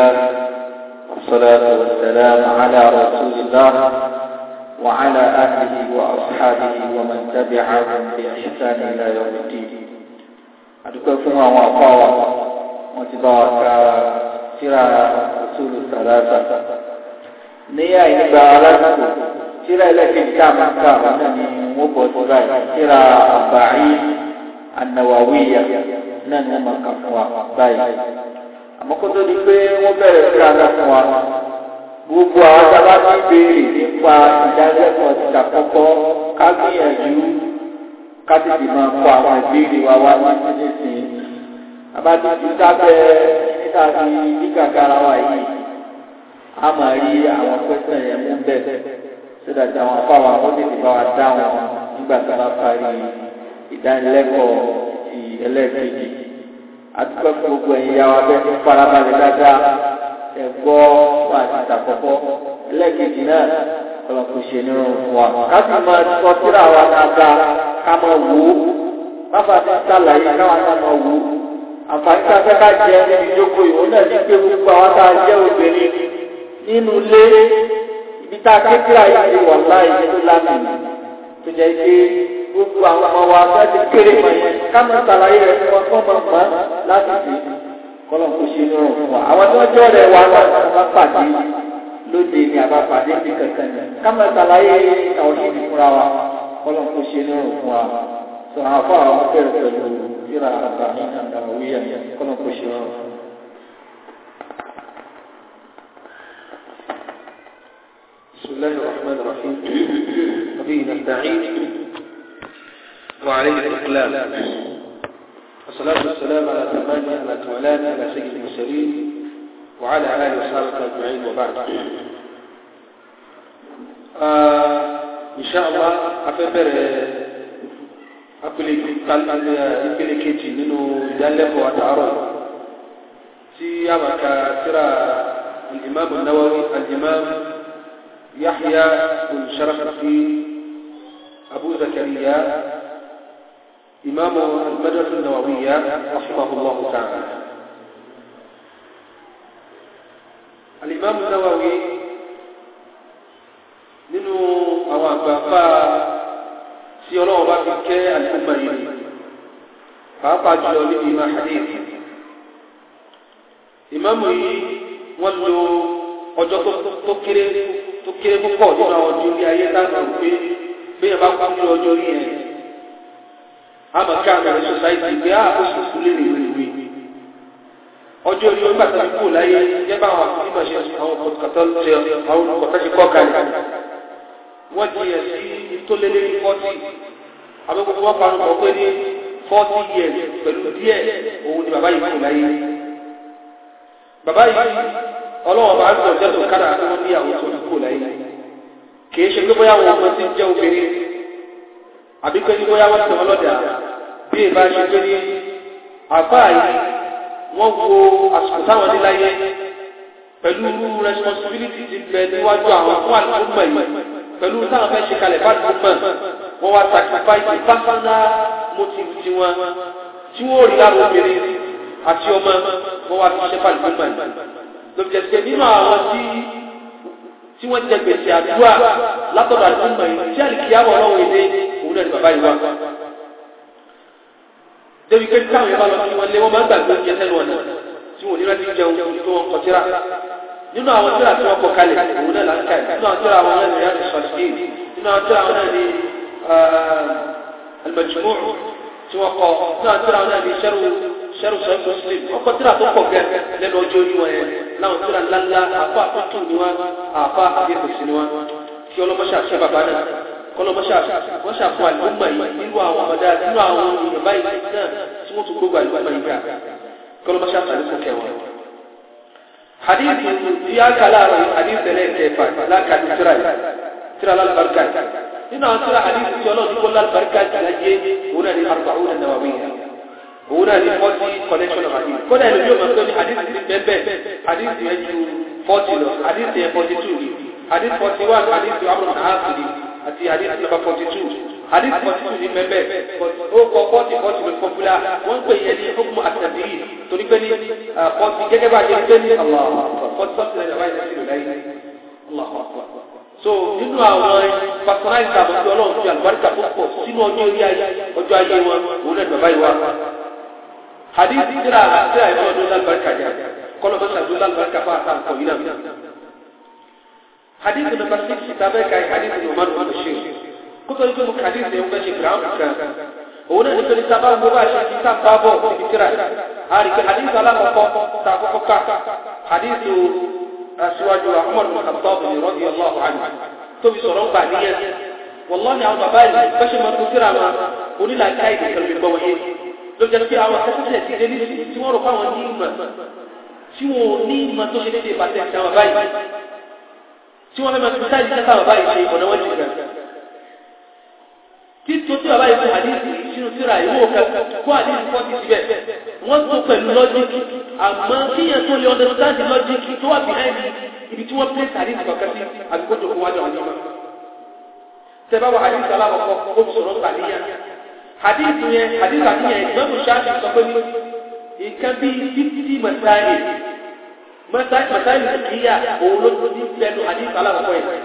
الله والصلاة والسلام على رسول الله وعلى أهله وأصحابه ومن تبعهم بإحسان إلى يوم الدين أتكفهم وأطاوة وتبارك سرى رسول الثلاثة نيا إنبا على سرى لك كما كان مبوت سرى أربعين النووية ننمك أقوى باي àmọ́ kó tó di pé wọ́n bẹ̀rẹ̀ sí ara fún wa gbogbo àwọn bá ti béèrè nípa ìdálẹ́kọ̀ọ́ ìṣàkọ́kọ́ ká gbìyànjú ká tètè máa kọ àwọn ìbéèrè wa wá wá títí sí i àbá ti ti sábẹ́ níta sí ní gàgàrà wa yìí a máa rí àwọn pẹ́sẹ̀ yẹn mú bẹ́ẹ̀ sódàtí àwọn afáwa ó tètè bá wa dáhùn nígbà tí a bá parí ìdánilẹ́kọ̀ọ́ ti ẹlẹ́ẹ̀kejì àtúpẹ́ fún gbogbo ẹ̀yin yàwó abẹ́ farabalẹ̀ dáadáa ẹ̀gbọ́ wà níta kọ̀kọ́ ẹlẹ́ẹ̀kejì náà ọlọ́kùn ṣe nínú fún wa. káàtì máa sọ síra wa dáadáa ká máa wò ó bàbá ti sàlàyé káwa náà máa wò ó. àǹfààní tá ká jẹ níbi ìjókòó ìwọ náà ní pé gbogbo àwọn tá a jẹ́ obìnrin nínú ilé ibi tá a kékeré àyè wà láì nínú lámì tó jẹ́ pé gbogbo àwọn ọmọ wa bá ti kéré mọ̀ kámọ̀ sàlàyé rẹ̀ fún ọkọ̀ mọ̀ mọ́ láti fi kọ́lọ̀ kó ṣe ní ọ̀rùn Àwọn tó ń jọ́ rẹ̀ wà náà bá pàdé lóde ni àbá pàdé bí kankan ní. Kámọ̀ sàlàyé àwọn yìí fúnra wa kọ́lọ̀ kó ṣe ní ọ̀rùn wa. Sọ àfọ àwọn fẹ́rẹ̀ pẹ̀lú síra àtàrí àtàwíyà بسم الله الرحمن الرحيم نبينا نستعين وعليه الإقلال والصلاة والسلام على ثمانية نعمة ولاد على سيد المرسلين وعلى آله وصحبه أجمعين وبعد آه، إن شاء الله أفبر ìpele يمكن nínú منو àtàárọ̀ tí في máa ka الإمام النووي الإمام يحيى بن شرف أبو زكريا إمام المدرسة النووية رحمه الله تعالى الإمام النووي nínú àwọn àgbààgbà tí ọlọ́run bá fi kẹ́ àlùmọ̀ yìí pàápàá jùlọ níbi ìmọ̀ àdéhìí ìmáàmù yìí wọ́n lo ọjọ́ tó kéré púpọ̀ nínú àwọn ọdún ilé ayé láti rò pé bí ẹ bá kú ní ọjọ́ orí ẹ̀ àmọ́ ká àgbà ní sòsáìtì pé á ah, ó sì kú lè rèé rèé ọjọ́ orí orí bàtà kú láyé jẹ́ bá àwọn àti ìmọ̀ ṣe àwọn kọ̀tọ̀ ṣe àwọn kọ̀tọ̀ ṣe kọ́ kalẹ̀ wọ́n ti yẹ sí tó lé lórí fọ́tì àbẹ́kọ̀tọ̀ wọ́n parọ́ kọ́ pé ní fọ́tì yẹ pẹ̀lú díẹ̀ òun ni bàbá yìí kú láyé bàbá yìí ọlọ́wọ́ bá ń sọ̀rọ̀ jẹ́ tó kára àti wọ́n àwọn tó kú láyé kì í ṣe pé bóyá wọn ọmọ ti jẹ́ obìnrin àbí pé ní bóyá wọ́n ti wọ́n lọ́dà bí ìbá ṣe pé ní àfáà yìí wọ́n wo àsìkò táwọn ní láyé pẹ̀lú responsibility ti bẹ níwájú àwọn fún àlùkùnmọ̀ yìí pẹ̀lú táwọn fẹ́ ṣe kalẹ̀ bá dùnmọ̀ wọ́n wá sacrifice pásánà motive ti wọn tí wọ́n rí lára obìnrin àti ọmọ wọ́n wá ṣiṣẹ́ pàlùkùnmọ̀ yìí lọ́bìjẹ́ pé nínú àwọn tí tí wọ́n jẹ gbèsè àdúrà látọ̀dọ̀ àdúgbò yìí tí àlìkíyàwó ọlọ́wọ́ èdè òun náà ni bàbá yìí wà. débi pé táwọn yẹn bá lọ sí wọn lé wọn máa ń gbàgbé oúnjẹ sẹ́nu ọ̀nà tí wọn ò ní láti jẹun tó wọn kọ tíra nínú àwọn tíra tí wọn kọ kalẹ̀ òun náà láti kalẹ̀ nínú àwọn tíra àwọn náà ni wọn ti sọ̀rọ̀ sí nínú àwọn tíra àwọn náà ni uh, alimajumur tí wọn kọ nínú àwọn tíra àwọn náà ni sẹ́rù sẹ́rù sọ́yìn muslim wọn kọ tíra tó pọ̀ gẹ́ lẹ́nu ọjọ́ orí wọn yẹn láwọn tíra ńláńlá kọlọmọṣà mọṣà fún àlùmọ yìí nínú àwọn ọmọdé nínú àwọn èèyàn báyìí náà tí wọn tún gbogbo àlùmọ yìí gbà kọlọmọṣà sàlùkù kẹwọn. hadithi tí a kà láàrin hadithi ẹlẹ́ ìtẹ̀fà lákàtí tíra yìí tíra lálùbáríkà yìí nínú àwọn tíra hadithi tí ọlọ́run kó lálùbáríkà yìí láyé òun náà ní àrùbáwò náà wà wíyà òun náà ní forty collection of hadithi kódà àti hadith number forty two hadith forty two ní mẹ́bẹ̀ ó kọ forty forty with popular wọ́n pè yẹn ní fún àtàbí torí pé ní forty gẹ́gẹ́ bá yẹn pé ní forty forty nine àwọn ẹ̀sìn ìlú láyé so nínú àwọn patronite àbọ̀tí ọlọ́run fi àlùbáríkà púpọ̀ sínú ọjọ́ orí ayé ọjọ́ ayé wọn òun náà bàbá ìwà hadith jẹ́ra àti àìmọ́ ọdún lálùbáríkà jẹ́ kọ́lọ́ mọ́ṣáájú lálùbáríkà fún àtàkùn yìí náà hadith number 6 kitabe kai hadith number 1 shi ko to ko hadith ne ko shi ground ka ona ni to kitaba mo ba shi kitab babo fikira hari ke hadith ala ko ta ko ka hadith aswaju eh, umar bin khattab radiyallahu anhu to bi sọ̀rọ̀ ba ni yes wallahi àwọn bàbá yìí ko shi ma fikira ma oni la kai ko bi ko yi lo je ki àwọn ko se ti de ni ti wọ́n ro pa wọ́n ni ma ti wọ́n ni ma to se de ba te ta bàbá yìí tí wọ́n lọ́mọ tó sáyé sẹ́ta bàbá yìí ṣe ọ̀nà wọn jìgà tí tó tí bàbá yìí fún àdìsí sínú síra ìwò kan kó àdìsí kọ́ ti síbẹ̀ wọ́n tó pẹ̀lú lọ́jíkì àmọ́ kíyàn tó lè ọdẹ sáàdì lọ́jíkì tó wà behind ibi tí wọ́n pè àdìsí kọ̀ọ̀kan sí àbíkó tó kó wájú àwọn ọmọ tẹ́bá wà àdìsí alákọ̀ọ́kọ́ ó sọ̀rọ̀ pàdéyàn àdìsí yẹn àdìsí àdìyẹn ìgbẹ́mùsáàdì sọ pé nǹkan bíi fífítì mọ̀sáàdì mẹ́sàn-án mẹ́sàn-án ìdíyà òun ló tó ní pẹ̀lú àdìsí alákọ̀ọ́ yìí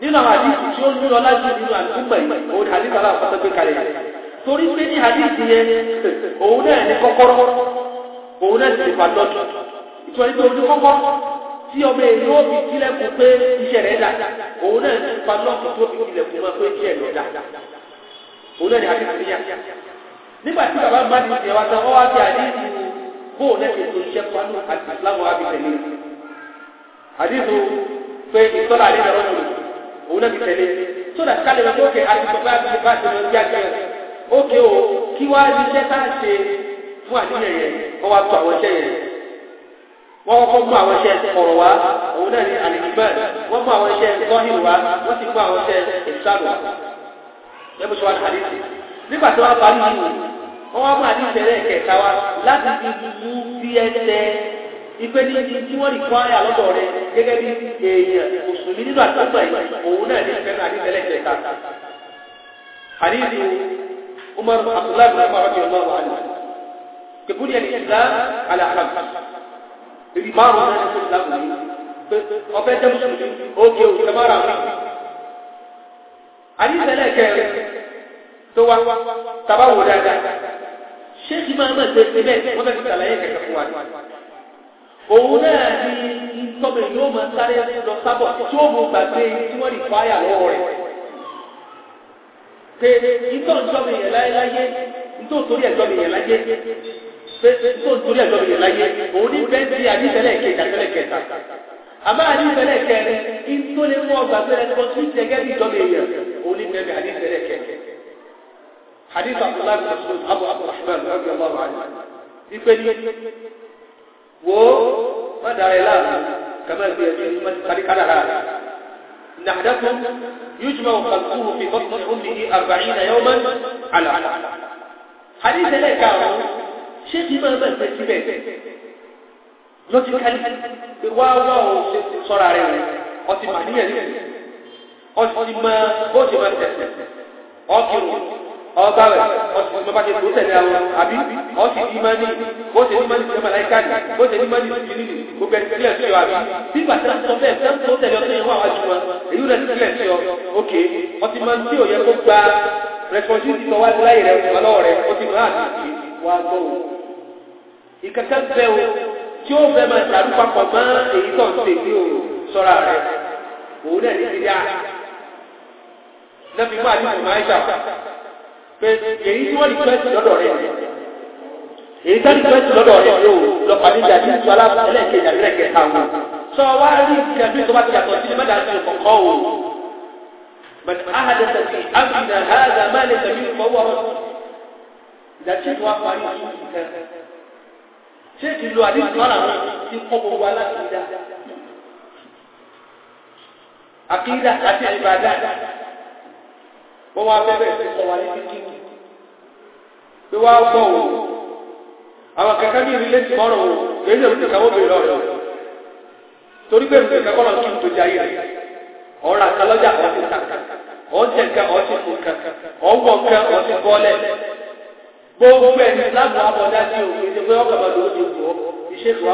nínú àwọn àdìsí tí ó ní ọlá jù nínú àdúgbẹ̀ yìí òun àdìsí alákọ̀ọ́ tó gbé kalẹ̀ yìí torí pé ní àdìsí yẹn òun náà ní kọ́kọ́rọ́ òun náà sì ti pàtó ìtọ́ ìtọ́ ojú kọ́kọ́rọ́ tí ọmọ èlò òbí tilẹ̀kùn pé iṣẹ́ rẹ̀ dà òun náà ti pàtó tó fi tilẹ̀kùn máa pé iṣẹ́ rẹ̀ dà òun náà ní bóò lẹ́sẹ̀ tó ṣiṣẹ́ pánú àti láwọn abìtẹ̀lé àdìsù pé ìtọ́lá àdìsù ọ̀rọ̀ òun náà ti tẹ̀lé sódà kálẹ̀ lọ sókè àdìsù bá ti bá ti lọ sí àjẹ́ òkè o kí wá ní iṣẹ́ tá à ń ṣe fún àdìyẹ yẹn wọ́n wá tó àwọn iṣẹ́ yẹn wọ́n kọ́kọ́ mú àwọn iṣẹ́ ọ̀rọ̀ wá òun náà ní àlìkùbẹ́ wọ́n mú àwọn iṣẹ́ gọ́hìn wá wọ́n sì mú àwọn iṣẹ́ ìṣàlù ẹ wọ́n wá máa ní ìṣẹ̀lẹ̀ ìkẹta wa láti fi mú bí ẹsẹ̀ ìpè ní ibi tí wọ́n nìkan ayé àlọ́dọ̀ rẹ gẹ́gẹ́ bí èèyàn mùsùlùmí nínú àtúntò yìí òun náà ní ìfẹ́ náà ní ìṣẹ̀lẹ̀ ìkẹta. àdìsí Umar Abdullahi bin Umar rabi Allah wa kekuli ya Islam ala alam ibi márùn náà ní Islam ní ọbẹ̀ jẹ́ mùsùlùmí ó kí o ṣe mara àdìsí ẹlẹ́kẹ̀ẹ́ tó wá tàbá wò dáadáa ṣé kí máa mọ̀ ṣe ṣe bẹ́ẹ̀ wọ́n fẹ́ẹ́ fi àlàyé kẹ̀kẹ́ fún wa ni. òun náà ni tọ́bẹ̀ yóò máa sáré lọ sábọ̀ tí ó mú gbàgbé tí wọ́n rí fáyà lọ́wọ́ rẹ̀. pé ìtọ́ ìjọba ìyẹn láyé nítorí torí ẹ̀jọba ìyẹn láyé pé nítorí torí ẹ̀jọba ìyẹn láyé òun ní bẹ́ẹ̀ bí àdìsẹ́lẹ̀ kẹta tẹ́lẹ̀ kẹta àmọ́ àdìsẹ́lẹ̀ kẹrin nítorí wọn gbàgbé rẹ̀ tó ti hadith abdullahi masud abu abdurrahman rabi allah wa ayi ipe ni wo mada ila kama bi yadi man kari kada ha nahdathu yujma qalbuhu fi batn ummihi 40 yawman ala hadith ile ka sheikh ibn abbas tibe logically pé wá wá o ṣe sọ́ra rẹ̀ ọtí màníyàn ọtí mọ bó ti máa tẹ̀sẹ̀ ọkìrùn ọba rẹ̀ ọ̀sìn tó bá ṣe tó tẹ̀lé àwọn àbí ọ̀sìn ní mọ́ni bó ṣe ní mọ́ni ṣe mọ̀ láìka ní bó ṣe ní mọ́ni ṣe ní gbogbo ẹ̀ sílẹ̀ sí ọ àbí bí bàtà sọ bẹ́ẹ̀ sẹ́m tó tẹ̀lé ọtún yẹn wà wájú wọn èyí rẹ̀ sílẹ̀ sí ọ òkè ọtí mọ́ni tí ò yẹ kó gba responsibility tó wá láyé rẹ̀ ọlọ́wọ́ rẹ̀ ó ti mọ́ àti wá gbọ́ o ìkàkà bẹ́ o tí ó fẹ́ máa dàrú papọ̀ mọ́ èyí tó ń tèmi o sọ́ra rẹ̀ òun náà ní ti dá náà fi máa dùn máa ń ṣàkóso pé èyí tí wọ́n request lọ́dọ̀ rẹ̀ èyí tó request lọ́dọ̀ rẹ̀ yóò lọ pàdé ìjà tí ìtura ẹlẹ́kẹ̀ẹ́jà lẹ́kẹ̀ẹ́ àwọn sọ wá rí ìjàdí tó bá ti yàtọ̀ sí mẹ́ta àti ìkọ̀kọ́ o but ahadẹ sẹ́sì amina hàdà má lè tẹ̀lé ìfọwọ́ ìdàtí ìwà parí ìkẹ́ ṣé ìlú àdéhùn àwọn ti kọ́ gbogbo aláṣẹ ìdá àkídà àti ìbàdà wọ́n wá bẹ̀rẹ̀ sí kọ́ wa ní kíkìkì pé wá gbọ́ o àwọn kankan ní ìrìlẹ̀ ti mọ́rọ̀ o kìí ṣe òkúta wọ́n bèrè ọ̀rọ̀ torí pé òkúta kankan náà kí n tó jayé ọ̀rọ̀ àtàlọ́jà kan ti ta ọ̀jẹ̀ kan ọ̀sìn kan ọ̀wọ̀ kan ọ̀sìn bọ́ọ̀lẹ̀ gbogbo ẹni lábùú abọ́dá ní òkè ṣe pé ọkọ̀ bá lóde ìwọ̀ iṣẹ́ ìwà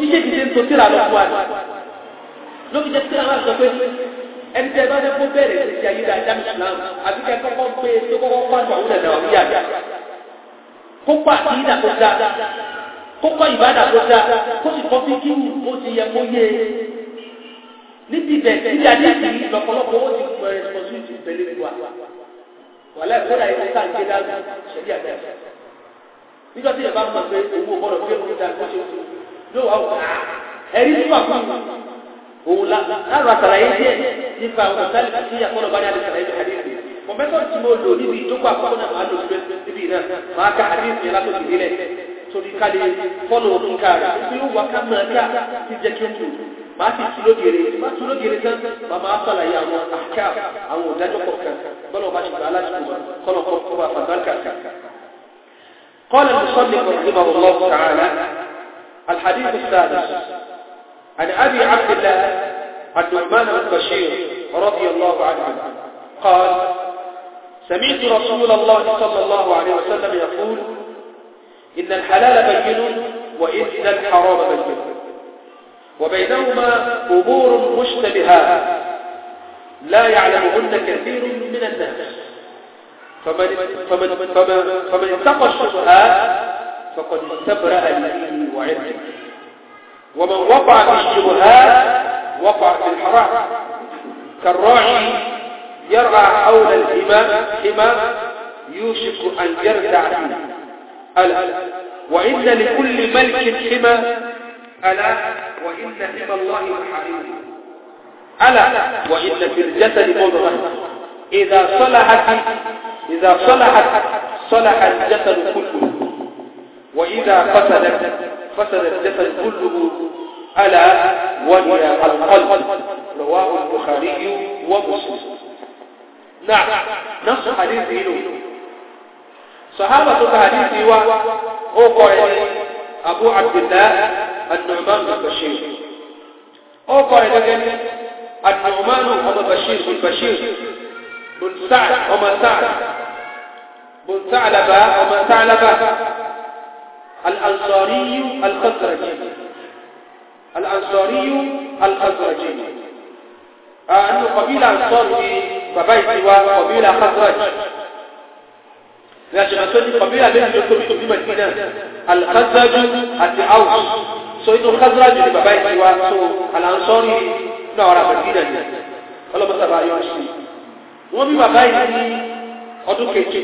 ti ṣe ń tó ló fi jẹ́ kí àwọn àgbà pé ẹni tẹ́ bá fẹ́ kó bẹ̀rẹ̀ sí ti ayé dáadáa Islam àbí kẹ́ kọ́kọ́ pé e tó kọ́kọ́ pàtó àwọn ọ̀dà àwọn yíyà bí kópa àti ìdà tó dáa kókọ́ ìbádà tó dáa kó sì kọ́ fíkí wù ó ti yẹ kó yé e níbi ibẹ̀ níbi àdéhùn yìí lọ́pọ̀lọpọ̀ ó ti gbọ́ ẹ̀ pọ̀ sí ìtú pẹ̀lú ìwà wàlẹ́ ìfọ́dà yìí ká gbé dáa ṣẹ̀dí àgbẹ̀ nígbà tí ìyẹn bá mọ̀ pé owó ọ̀gbọ́dọ̀ fẹ́ kó dáa kó ṣe é lówàá wò á ah, ẹ̀rí nígbà fún mi òun lára àtàlàyé díẹ̀ nípa ọ̀rọ̀ sálẹ̀ tí àkọlọ̀ bá ní àdé sàlàyé hadithi mọ̀mẹ́tọ̀ tí mo lò níbi ìjókòó àkọ́kọ́ náà máa lò síbẹ̀ níbi iná máa ka hadithi yẹn látòkè nílẹ̀ torí ká lè fọ́lọ̀ òkúka rẹ̀ nítorí ó wà ká máa ká ti jẹ́ kí ó tù máa ti tú lógere máa tú tán máa máa sàlàyé àwọn àká àwọn òdájọ́ kọ̀ọ̀kan bọ́lọ̀ bá ṣùgbọ́n قال المصنف رحمه الله تعالى الحديث السادس عن أبي عبد الله النعمان بن بشير رضي الله عنه قال سمعت رسول الله صلى الله عليه وسلم يقول إن الحلال بين وإن الحرام بين وبينهما أمور مشتبهات لا يعلمهن كثير من الناس فمن, فمن, فمن, فمن اتقى الشبهات فقد استبرأ لديه وعلمه ومن وقع في الشبهات وقع في الحرام كالراعي يرعى حول الإمام حما يوشك أن يرتع فيه ألا وإن لكل ملك حما ألا وإن حمى الله الحريم ألا وإن في الجسد مضغة إذا صلحت إذا صلحت صلح الجسد كله وإذا فسدت فسد الجسد كله ألا وهي القلب رواه البخاري ومسلم نعم نص حديث له صحابة الحديث و أبو عبد الله النعمان بن بشير هو قائل النعمان هو بشير بن بشير بن سعد وما سعد بن ثعلبة وما ثعلبة الأنصاري الخزرجي الأنصاري الخزرجي آه، أنه قبيلة أنصاري فبيت وقبيلة خزرج لكن أنصاري قبيلة بين الكتب في مدينة الخزرج أوس سيد الخزرج فبيت والأنصاري نورا مدينة ọlọ́pàá sábà yọ ṣe wọ́n bí bàbá yìí ní ọdún keje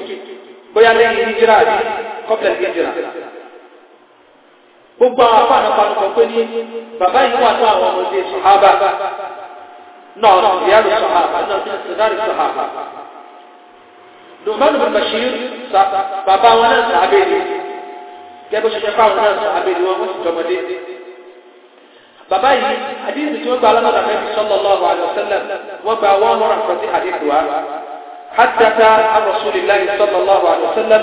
gbogbo àwọn afá àná panukọ pé ní bàbá yìí wà ní àwọn ọmọdé sọ̀hábà náà ìyáàrú sọ̀hábà náà ti sọ̀dárì sọ̀hábà Nu'man bin Bashir bàbá wọn náà sàábẹ̀ ni gẹ́gẹ́ ṣẹṣẹ fáwọn náà sàábẹ̀ ni wọn wọ́n sì jọmọdé bàbá yìí àdíìsì tí wọ́n gba alámọ̀dà fẹ́ sallallahu alaihi wasallam wọ́n gba wọ́n mọ́ra fọ́tí àdíìsì wa حدث عن رسول الله صلى الله عليه وسلم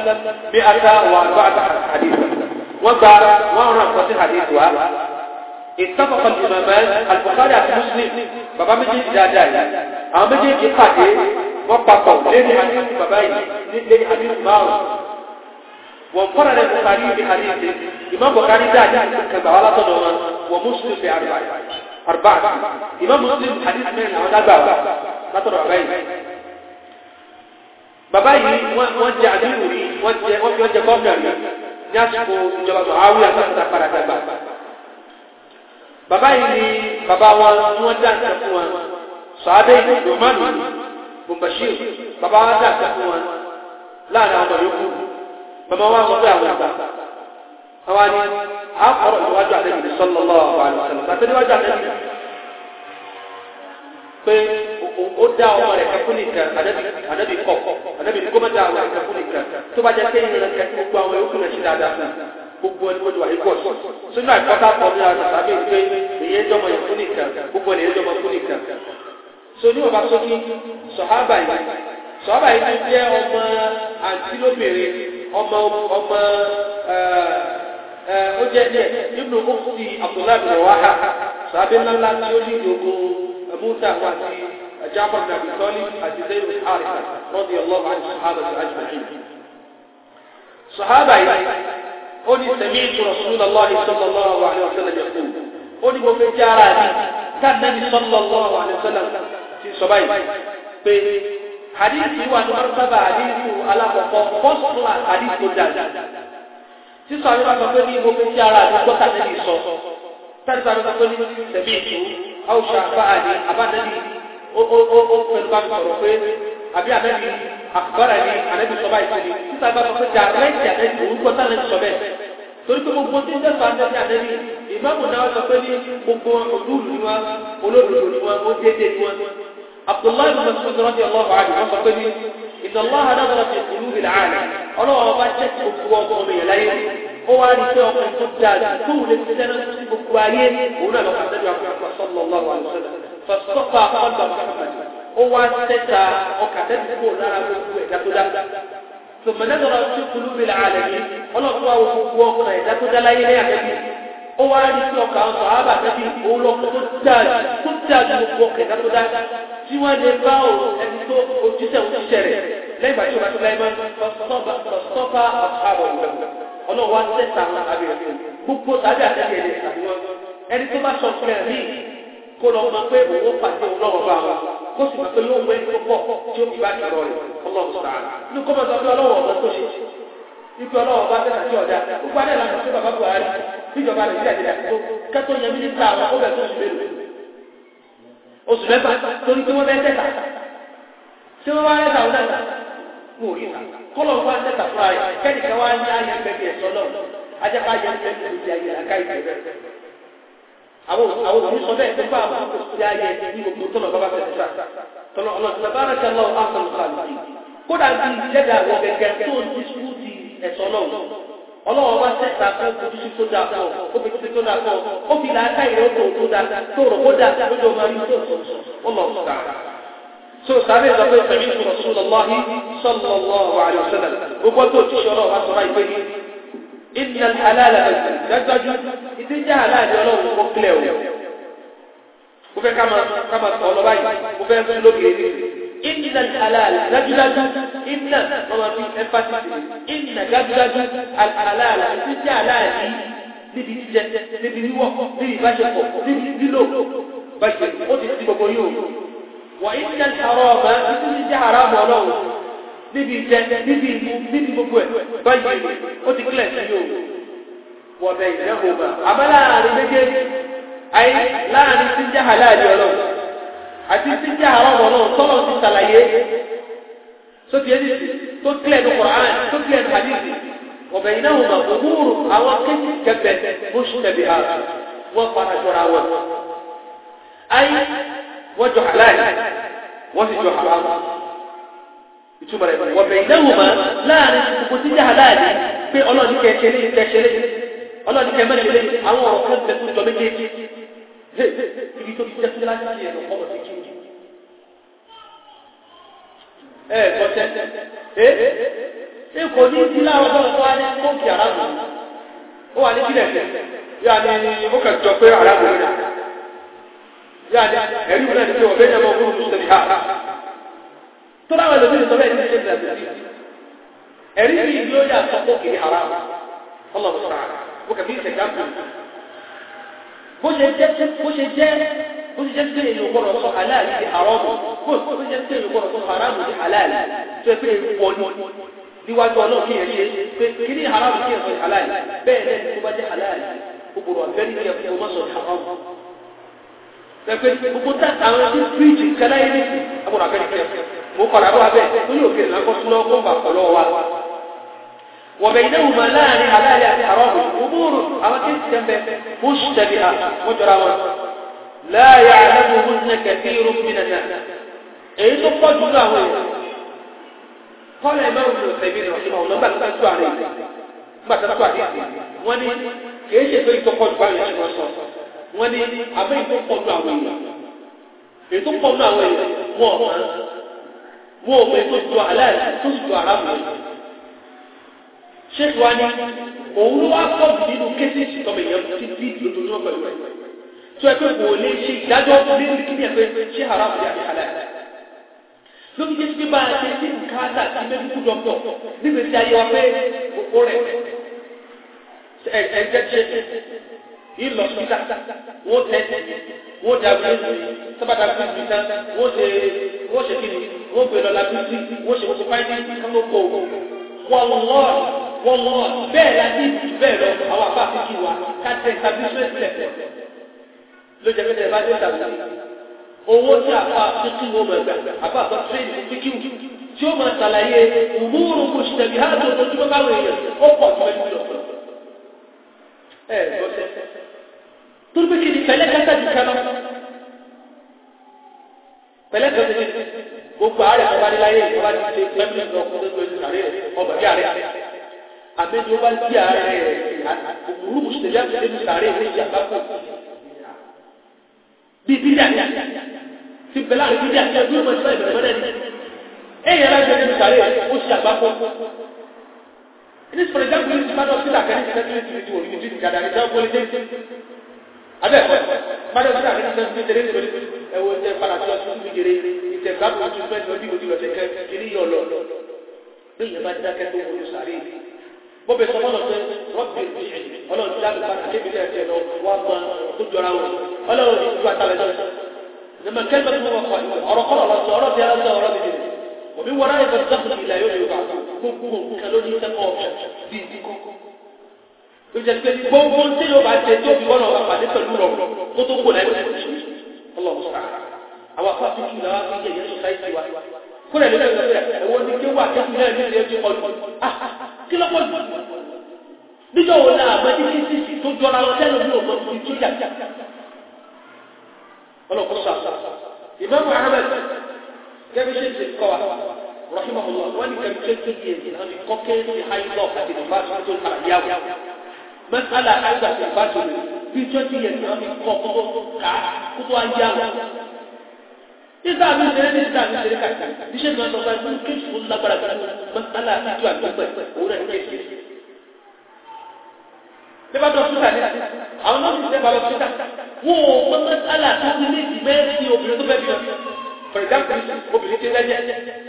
مئة وأربعة حديثا وقال وانا قصي حديثها اتفق الامامان البخاري ومسلم بابا مجي داداي اما مجي دي قاعده وقفوا لين حديث باباي لين حديث ماو وانفرد البخاري بحديث امام بخاري داداي كذا ولا تدور ومسلم باربعه اربعه امام مسلم حديث من هذا látọ̀rọ̀ ọ̀rẹ́ yìí. Bàbá yìí wọ́n jẹ́ àdínú rí, wọ́n jẹ́ gọ́ọ̀nà rí. ní àsìkò ìjọba tó àwọn àtàkùtà padà dàgbà. Bàbá yìí ni bàbá wa tí wọ́n dá nǹkan fún wa. Sọ̀ádé Lòmánù Bùnbàṣír bàbá wa dá nǹkan fún wa láàrin àwọn yòókù. Bàbá wa sọ pé àwọn àgbà. Àwa ni a kọ̀rọ̀ níwájú àlejò sọ́lọ́lọ́ àwọn àlùsọ̀lọ́ pé ó dá ọmọ rẹ̀ kẹ́kún nìkan ànábì kọ̀ ànábì ní kó má dá ọmọ rẹ̀ kẹ́kún nìkan tó bá jẹ́ pé ìrìn rẹ̀ kẹ́kún gbogbo àwọn ẹ̀kún rẹ̀ sí dáadáa fún gbogbo ẹni kó ti wà ní pọ̀ sí sínú àìkọ́tà pọ̀ ní ara tàbí pé èyí jọmọ yẹn fún nìkan gbogbo ènìyàn jọmọ fún nìkan so ní ọba sókí sọ̀hábà yìí sọ̀hábà yìí ti jẹ́ ọmọ àǹtí lóbìnrin ọmọ ọmọ ó jẹ́ ibùdókòtì àbúrò àbúrò wáhà sàbẹ̀ ńláńlá tí ó ní ìdógún أبو تهوى جعفر بن أبي طالب àti زيد بن حارثة رضي الله عن الصحابة أجمعين صحابة قل سمعت رسول الله صلى الله عليه وسلم يقول قل بمن جاراني كان النبي صلى الله عليه وسلم في صبي حديثي وأن مرتبة حديثه على فصل حديث دجاج sísọ àríwá sọ pé ní mo fi ń yára àdúgbò tàbí ìsọ tàbí sọ pé ní tẹ̀bí ìtú aw ṣàfáàní abánẹ́bí ó pẹ̀lú bá sọ̀rọ̀ pé àbí ànẹ́bí àkùbára ni ànẹ́bí sọ báyìí fún mi títà bá sọ pé jà lẹ́yìn ànẹ́bí òun gbọ́tà lẹ́yìn sọ bẹ́ẹ̀ torí pé gbogbo tí ń dẹ́sọ̀ ànẹ́bí ànẹ́bí ìmáàmù náà sọ pé ní gbogbo olúùlù ni wọn olódodo ni wọn ó déédéé ni wọn. Abdullahi bin Mas'ud radiyallahu anhu wọn sọ pé ní ìdánwò àdáwọ̀ fi kùlù ìlà ọlọ́wọ́ bá jẹ́ gbogbo ọgbọ́n mi yẹn ó wá rí pé ọkùnrin tó dáa tó wù lè fi sẹ́nà sí gbogbo ayé òun náà lọ́kàn sẹ́dọ̀ àkọ́kọ́ sọ́lọ́ lọ́wọ́ àlùsọ́dọ̀ fọ́sọ́fà ọ̀dọ̀ Muhammad ó wá sẹ́ta ọkà tẹ́tí kò lára gbogbo ẹ̀dá tó dá tòmọ̀dẹ́sọ̀rọ̀ sí kùlùmí làálẹ̀ yìí ọlọ́kùnrin àwọn gbogbo ọkùnrin ẹ̀dá tó dá láyé lẹ́yà tẹ́bí ó wá rí sí ọkà ọ̀sọ̀ àbà tẹ́bí òun lọ́kùn tó dáa lẹ́yìn ìgbà tí o bá tó láyé máa ń sọ́fà ọ̀sáàbọ̀ ìgbàgbọ́ ọlọ́run wá tẹ̀ sàn abẹ́rẹ́ gbogbo tàbí àtẹ̀lẹ́ ẹni tàbí wọn ẹni tó bá sọ fún ẹ rí kó lọ mọ pé òun pàṣẹ òun lọ́wọ́ bá wọn kó sì mọ pé yóò wẹ́ tó pọ̀ tí ó fi bá kìlọ̀ rẹ̀ ọlọ́run sọ̀rọ̀ ní kó máa sọ pé ọlọ́run ọ̀gá tó ṣe ibi ọlọ́run bá tẹ̀sán sí ọ̀dà gbogbo alẹ́ làwọn tó bàbá Buhari níjọba nàìjíríà ti dàgbò kẹ́tọ́ yẹn mínísítà àwọn ó bẹ̀ tó sùn mélòó oṣù mẹ́fà torí pé wọ́n bẹ́ẹ̀ tẹ̀sán tí wọ́n wá rẹ̀ tàwọn náà wò yìí kan kọ́lọ̀ wá ń tẹ̀sà fúnra rẹ̀ kẹ́nìkan wá ní ayé bẹ́ẹ̀ bẹ́ẹ̀ sọ́lọ̀ ajẹ́pá ayé bẹ́ẹ̀ bẹ́ẹ̀ ti ayé àká ìgbẹ́ bẹ́ẹ̀. àwọn òní sọ bẹ́ẹ̀ nípa àwọn ti ayé ní gbogbo tọ́lọ̀ bàbá fẹ́ sà tọ́lọ̀ ọlọ́sọ̀lọ́ bá rẹ̀ lọ àtọ̀ kódà bí ìjẹ́dà àwọn gẹ̀gẹ̀ tó ń disukú ti ẹ̀sọ́ náà ọlọ́wọ́ wá sẹ́ta fún ojúṣe tó dáa fún ọ ó fi tó dáa fún ọ ó fi làákà ìrọ́pò tó dáa tó rọ̀ kó dáa lójú ọmọ ayé tó sọ̀rọ̀ ọlọ́ọ̀sọ̀rọ̀ tó sáré sọ pé sẹ̀mí tó sọ lọ́wọ́ sallallahu alaihi wasallam gbogbo tó ti ṣọ́rọ̀ wá sọ báyìí pé ní ìdíyàn aláàlá dájúdájú ìdíjà aláàlá ọlọ́run kó kílẹ̀ o mo fẹ́ ká máa sọ ọ lọ báyìí mo fẹ́ fún lókè ní ìdíyàn aláàlá dájúdájú ìdíyàn ọmọ mi ẹ̀fásitì ìdíyàn dájúdájú aláàlá ìdíjà aláàlá níbi jíjẹ níbi wíwọ̀ níbi ìbáṣepọ̀ níbi lílò báṣepọ̀ ó ti ti gbogbo yóò وإن الحرام nítorí jẹ́ haram ọlọ́run níbi ìjẹ níbi ìmú níbi gbogbo ẹ̀ báyìí ó ti kílẹ̀ sí yóò wọ̀bẹ̀ ìjẹ́hùnmá àmọ́ láàrin méjèèjì ayé láàrin tí jẹ́ halal ọlọ́run àti tí jẹ́ haram ọlọ́run tọ́lọ̀ ti ṣàlàyé sóti ẹni tó kílẹ̀ ní Qur'an tó kílẹ̀ ní hadith wọ̀bẹ̀ ìnáhùnmá òmùrù àwọn kéjì kẹfẹ̀ bó ṣùnà bí i wọ́n fara jọra wọn. wọ́n jọ halal wọ́n sì jọ haram ìtumọ̀ rẹ̀ wọ́n bẹ̀ ìdáhùnmá láàrin gbogbo títí halal pé ọlọ́ọ̀ni kẹ̀kẹ́lé kẹ̀kẹ́lé ọlọ́ọ̀ni kẹ̀mẹ́lẹ́lẹ́ àwọn ọ̀rọ̀ kan tẹ̀kú jọ méjèèjì ibi tó ti jẹ́ sí láti ẹ̀rọ kọ́ ọ̀sẹ̀ kí ẹ kọ́ tẹ́tẹ́ ẹ ẹ kò ní sí láwọn ọ̀dọ́ tó wá ní kóòkì arábìnrin يعني علم لا يجمع بين موضوع المشتبهات طلع ولا بين طبيعة الشبهة علم يجوز حقوقه حرام الله تعالى وكبير كلام bó ṣe jẹ́ bó ṣe jẹ́ bó ṣe jẹ́ pé èèyàn gbọ́dọ̀ sọ aláàlì sí àrọ́mù bó ṣe jẹ́ pé èèyàn gbọ́dọ̀ sọ haramu sí aláàlì tó pé wọ́n níwájú ọlọ́run kí èèyàn ṣe pé kí ní haramu kí èèyàn sọ aláàlì bẹ́ẹ̀ lẹ́yìn tó bá jẹ́ aláàlì gbogbo ọ̀fẹ́ ní ẹ̀fọ́ mọ́sọ̀ haramu pẹpẹ gbogbo tàtà àwọn tí bíríjì kẹlẹ yìí nìkú àbúrò abẹ́rẹ́ kẹ mo padà bọ́ abẹ́ tó ní òkè lákọ́ súná kó bà kọ́ lọ́wọ́ wa. wọ́n bẹ ilé ìwòmọ̀ láàrin àlàyé àti àrọ́ọ̀mù gbogbo àwọn tí ń tẹ̀ bẹ bó ṣù ha wọ́n jọra wọn. láàyè àlẹ́bù bó ṣe kẹ̀kẹ́ irú mi nàná. èyí tó pọ̀ jù lọ àwọn èèyàn. kọ́lá mẹ́rin ló tẹ̀bi rẹ̀ ọ̀ṣun wọ́n ní abẹ́ ìtò pọ̀jù àwọn èèyàn ètò pọ̀jù àwọn èèyàn wọ́n ọ̀hán wọ́n ọ̀hán ètò ìjọ aláìsí tó ìjọ arábù ṣé ìwà ni òun ló wá pọ̀ jù nínú kéṣì ìṣìtọ́mọ èèyàn ti bí lójoojúmọ́ pẹ̀lú ẹ̀ tó ẹ pé kò lè ṣe ìdájọ́ lórí kí ni ẹ pé ṣé arábù yà aláìsí lórí jẹ́ sí bá ṣe sí nǹkan àdá sí mẹ́díkù dọ́kítọ̀ nígbèsí ayé wa pé ìlọ síta wọ́n tẹ́tẹ́ wọ́n dàgbé sábàdà fún ìta wọ́n ṣe wọ́n ṣe kí ni wọ́n gbé lọ lábí sí wọ́n ṣe wọ́n ṣe fáìdì kánú kò wọ́n lọ́ wọ́n lọ́ bẹ́ẹ̀ láti bẹ́ẹ̀ lọ àwọn àbá àfi kí wa ká tẹ tàbí sẹ́sẹ̀ ló jẹ́ mẹ́tẹ̀ẹ́ bá dé tàbí owó tí àbá fi kí wọ́n mọ̀ ẹ̀gbẹ́ àbá àbá tírẹ́ẹ̀dì fi kí wọ́n tí ó máa ṣàlàyé ìmúrùn kò ṣì tẹ̀lé ẹ gbọ́sẹ̀ torí pé kí ni pẹ̀lẹ́kẹ́sẹ̀ ti kẹ́ lọ pẹ̀lẹ́kẹ́sẹ̀ ti gbogbo ààrẹ ọba níláyé ìjọba ti ṣe pẹ́mìlẹ́sì ọkùnrin tó ti àárẹ̀ ọba bí àárẹ̀ àbí tí ó bá ti àárẹ̀ òkúrú mùsùlùmí àti ẹni sàárẹ̀ ní ìjàmbá kò bí bídà ti bẹ̀lá àti bídà ti ẹgbẹ́ mọ̀ This, for example, this man of Sita can interpret it to you, this gather, it's all politics. Abẹ́ ẹ̀kọ́, Mádé Sita can interpret it to you, ẹ̀wọ̀ ẹ̀tẹ̀ Fáráṣí ọ̀tún fi jèrè, ìtẹ̀gbàgbọ́ ọ̀tún fẹ́ ti ọdún ìlú ọ̀tẹ̀ kiri yọ lọ. Lóyìn bá dákẹ́ tó wọlé sàárè. Bó bẹ sọ mọ́nà pé rọ́bì ọlọ́run dábì bá kébi ní ẹ̀tẹ̀ lọ wá máa tó jọra wọn. Ọlọ́run ìjú àtàlẹ́ náà. Nàmẹ́kẹ́ ومن وراء برزخ إلى يوم يبعث كوكو كالوني سكو بي بي كوكو gbogbo tí yóò bá ṣe tó fi wọ́n lọ́wọ́ pẹ̀lú rọ̀ ó tó kò lẹ́yìn ọlọ́run àwọn apáàtì kí làwọn fi yẹ̀yẹ́ sọ́sáìtì wa kúrẹ̀ lórí ẹ̀rọ ẹ̀wọ́n ní kí wà kí fún ẹ̀mí rẹ̀ ti ọdún kí lọ́pọ̀ jù níjọ́ wo náà àmọ́ tí tí tí tó jọra lọ sẹ́nu ní òmò tó ti tó jà ọlọ́kọ̀ sọ Imam Ahmad kẹ́míṣẹ́sì kọ́ wa rahimahullah wọ́n ní kẹ́míṣẹ́sì yìí ẹ̀sìn náà ní kọ́kẹ́sì àìlọ́ àti ìbáṣọ́ tó máa yá wa mẹ́sàlá àgbà ti ìbáṣọ́ rẹ̀ bí twenty years náà ní kọ́kọ́ ká kó tó ayá wa. Nígbà mi ṣeré ní ìta mi ṣeré káàkiri, níṣẹ́ mi lọ sọ pé kéṣù tó lágbára gbára mẹ́sàlá àjọ àgbẹ̀pẹ̀ òun rẹ̀ kéṣù. Lébà tó ṣúgà ní àwọn náà ti ṣẹ́ bàbá for example obìnrin ti lẹ́jẹ̀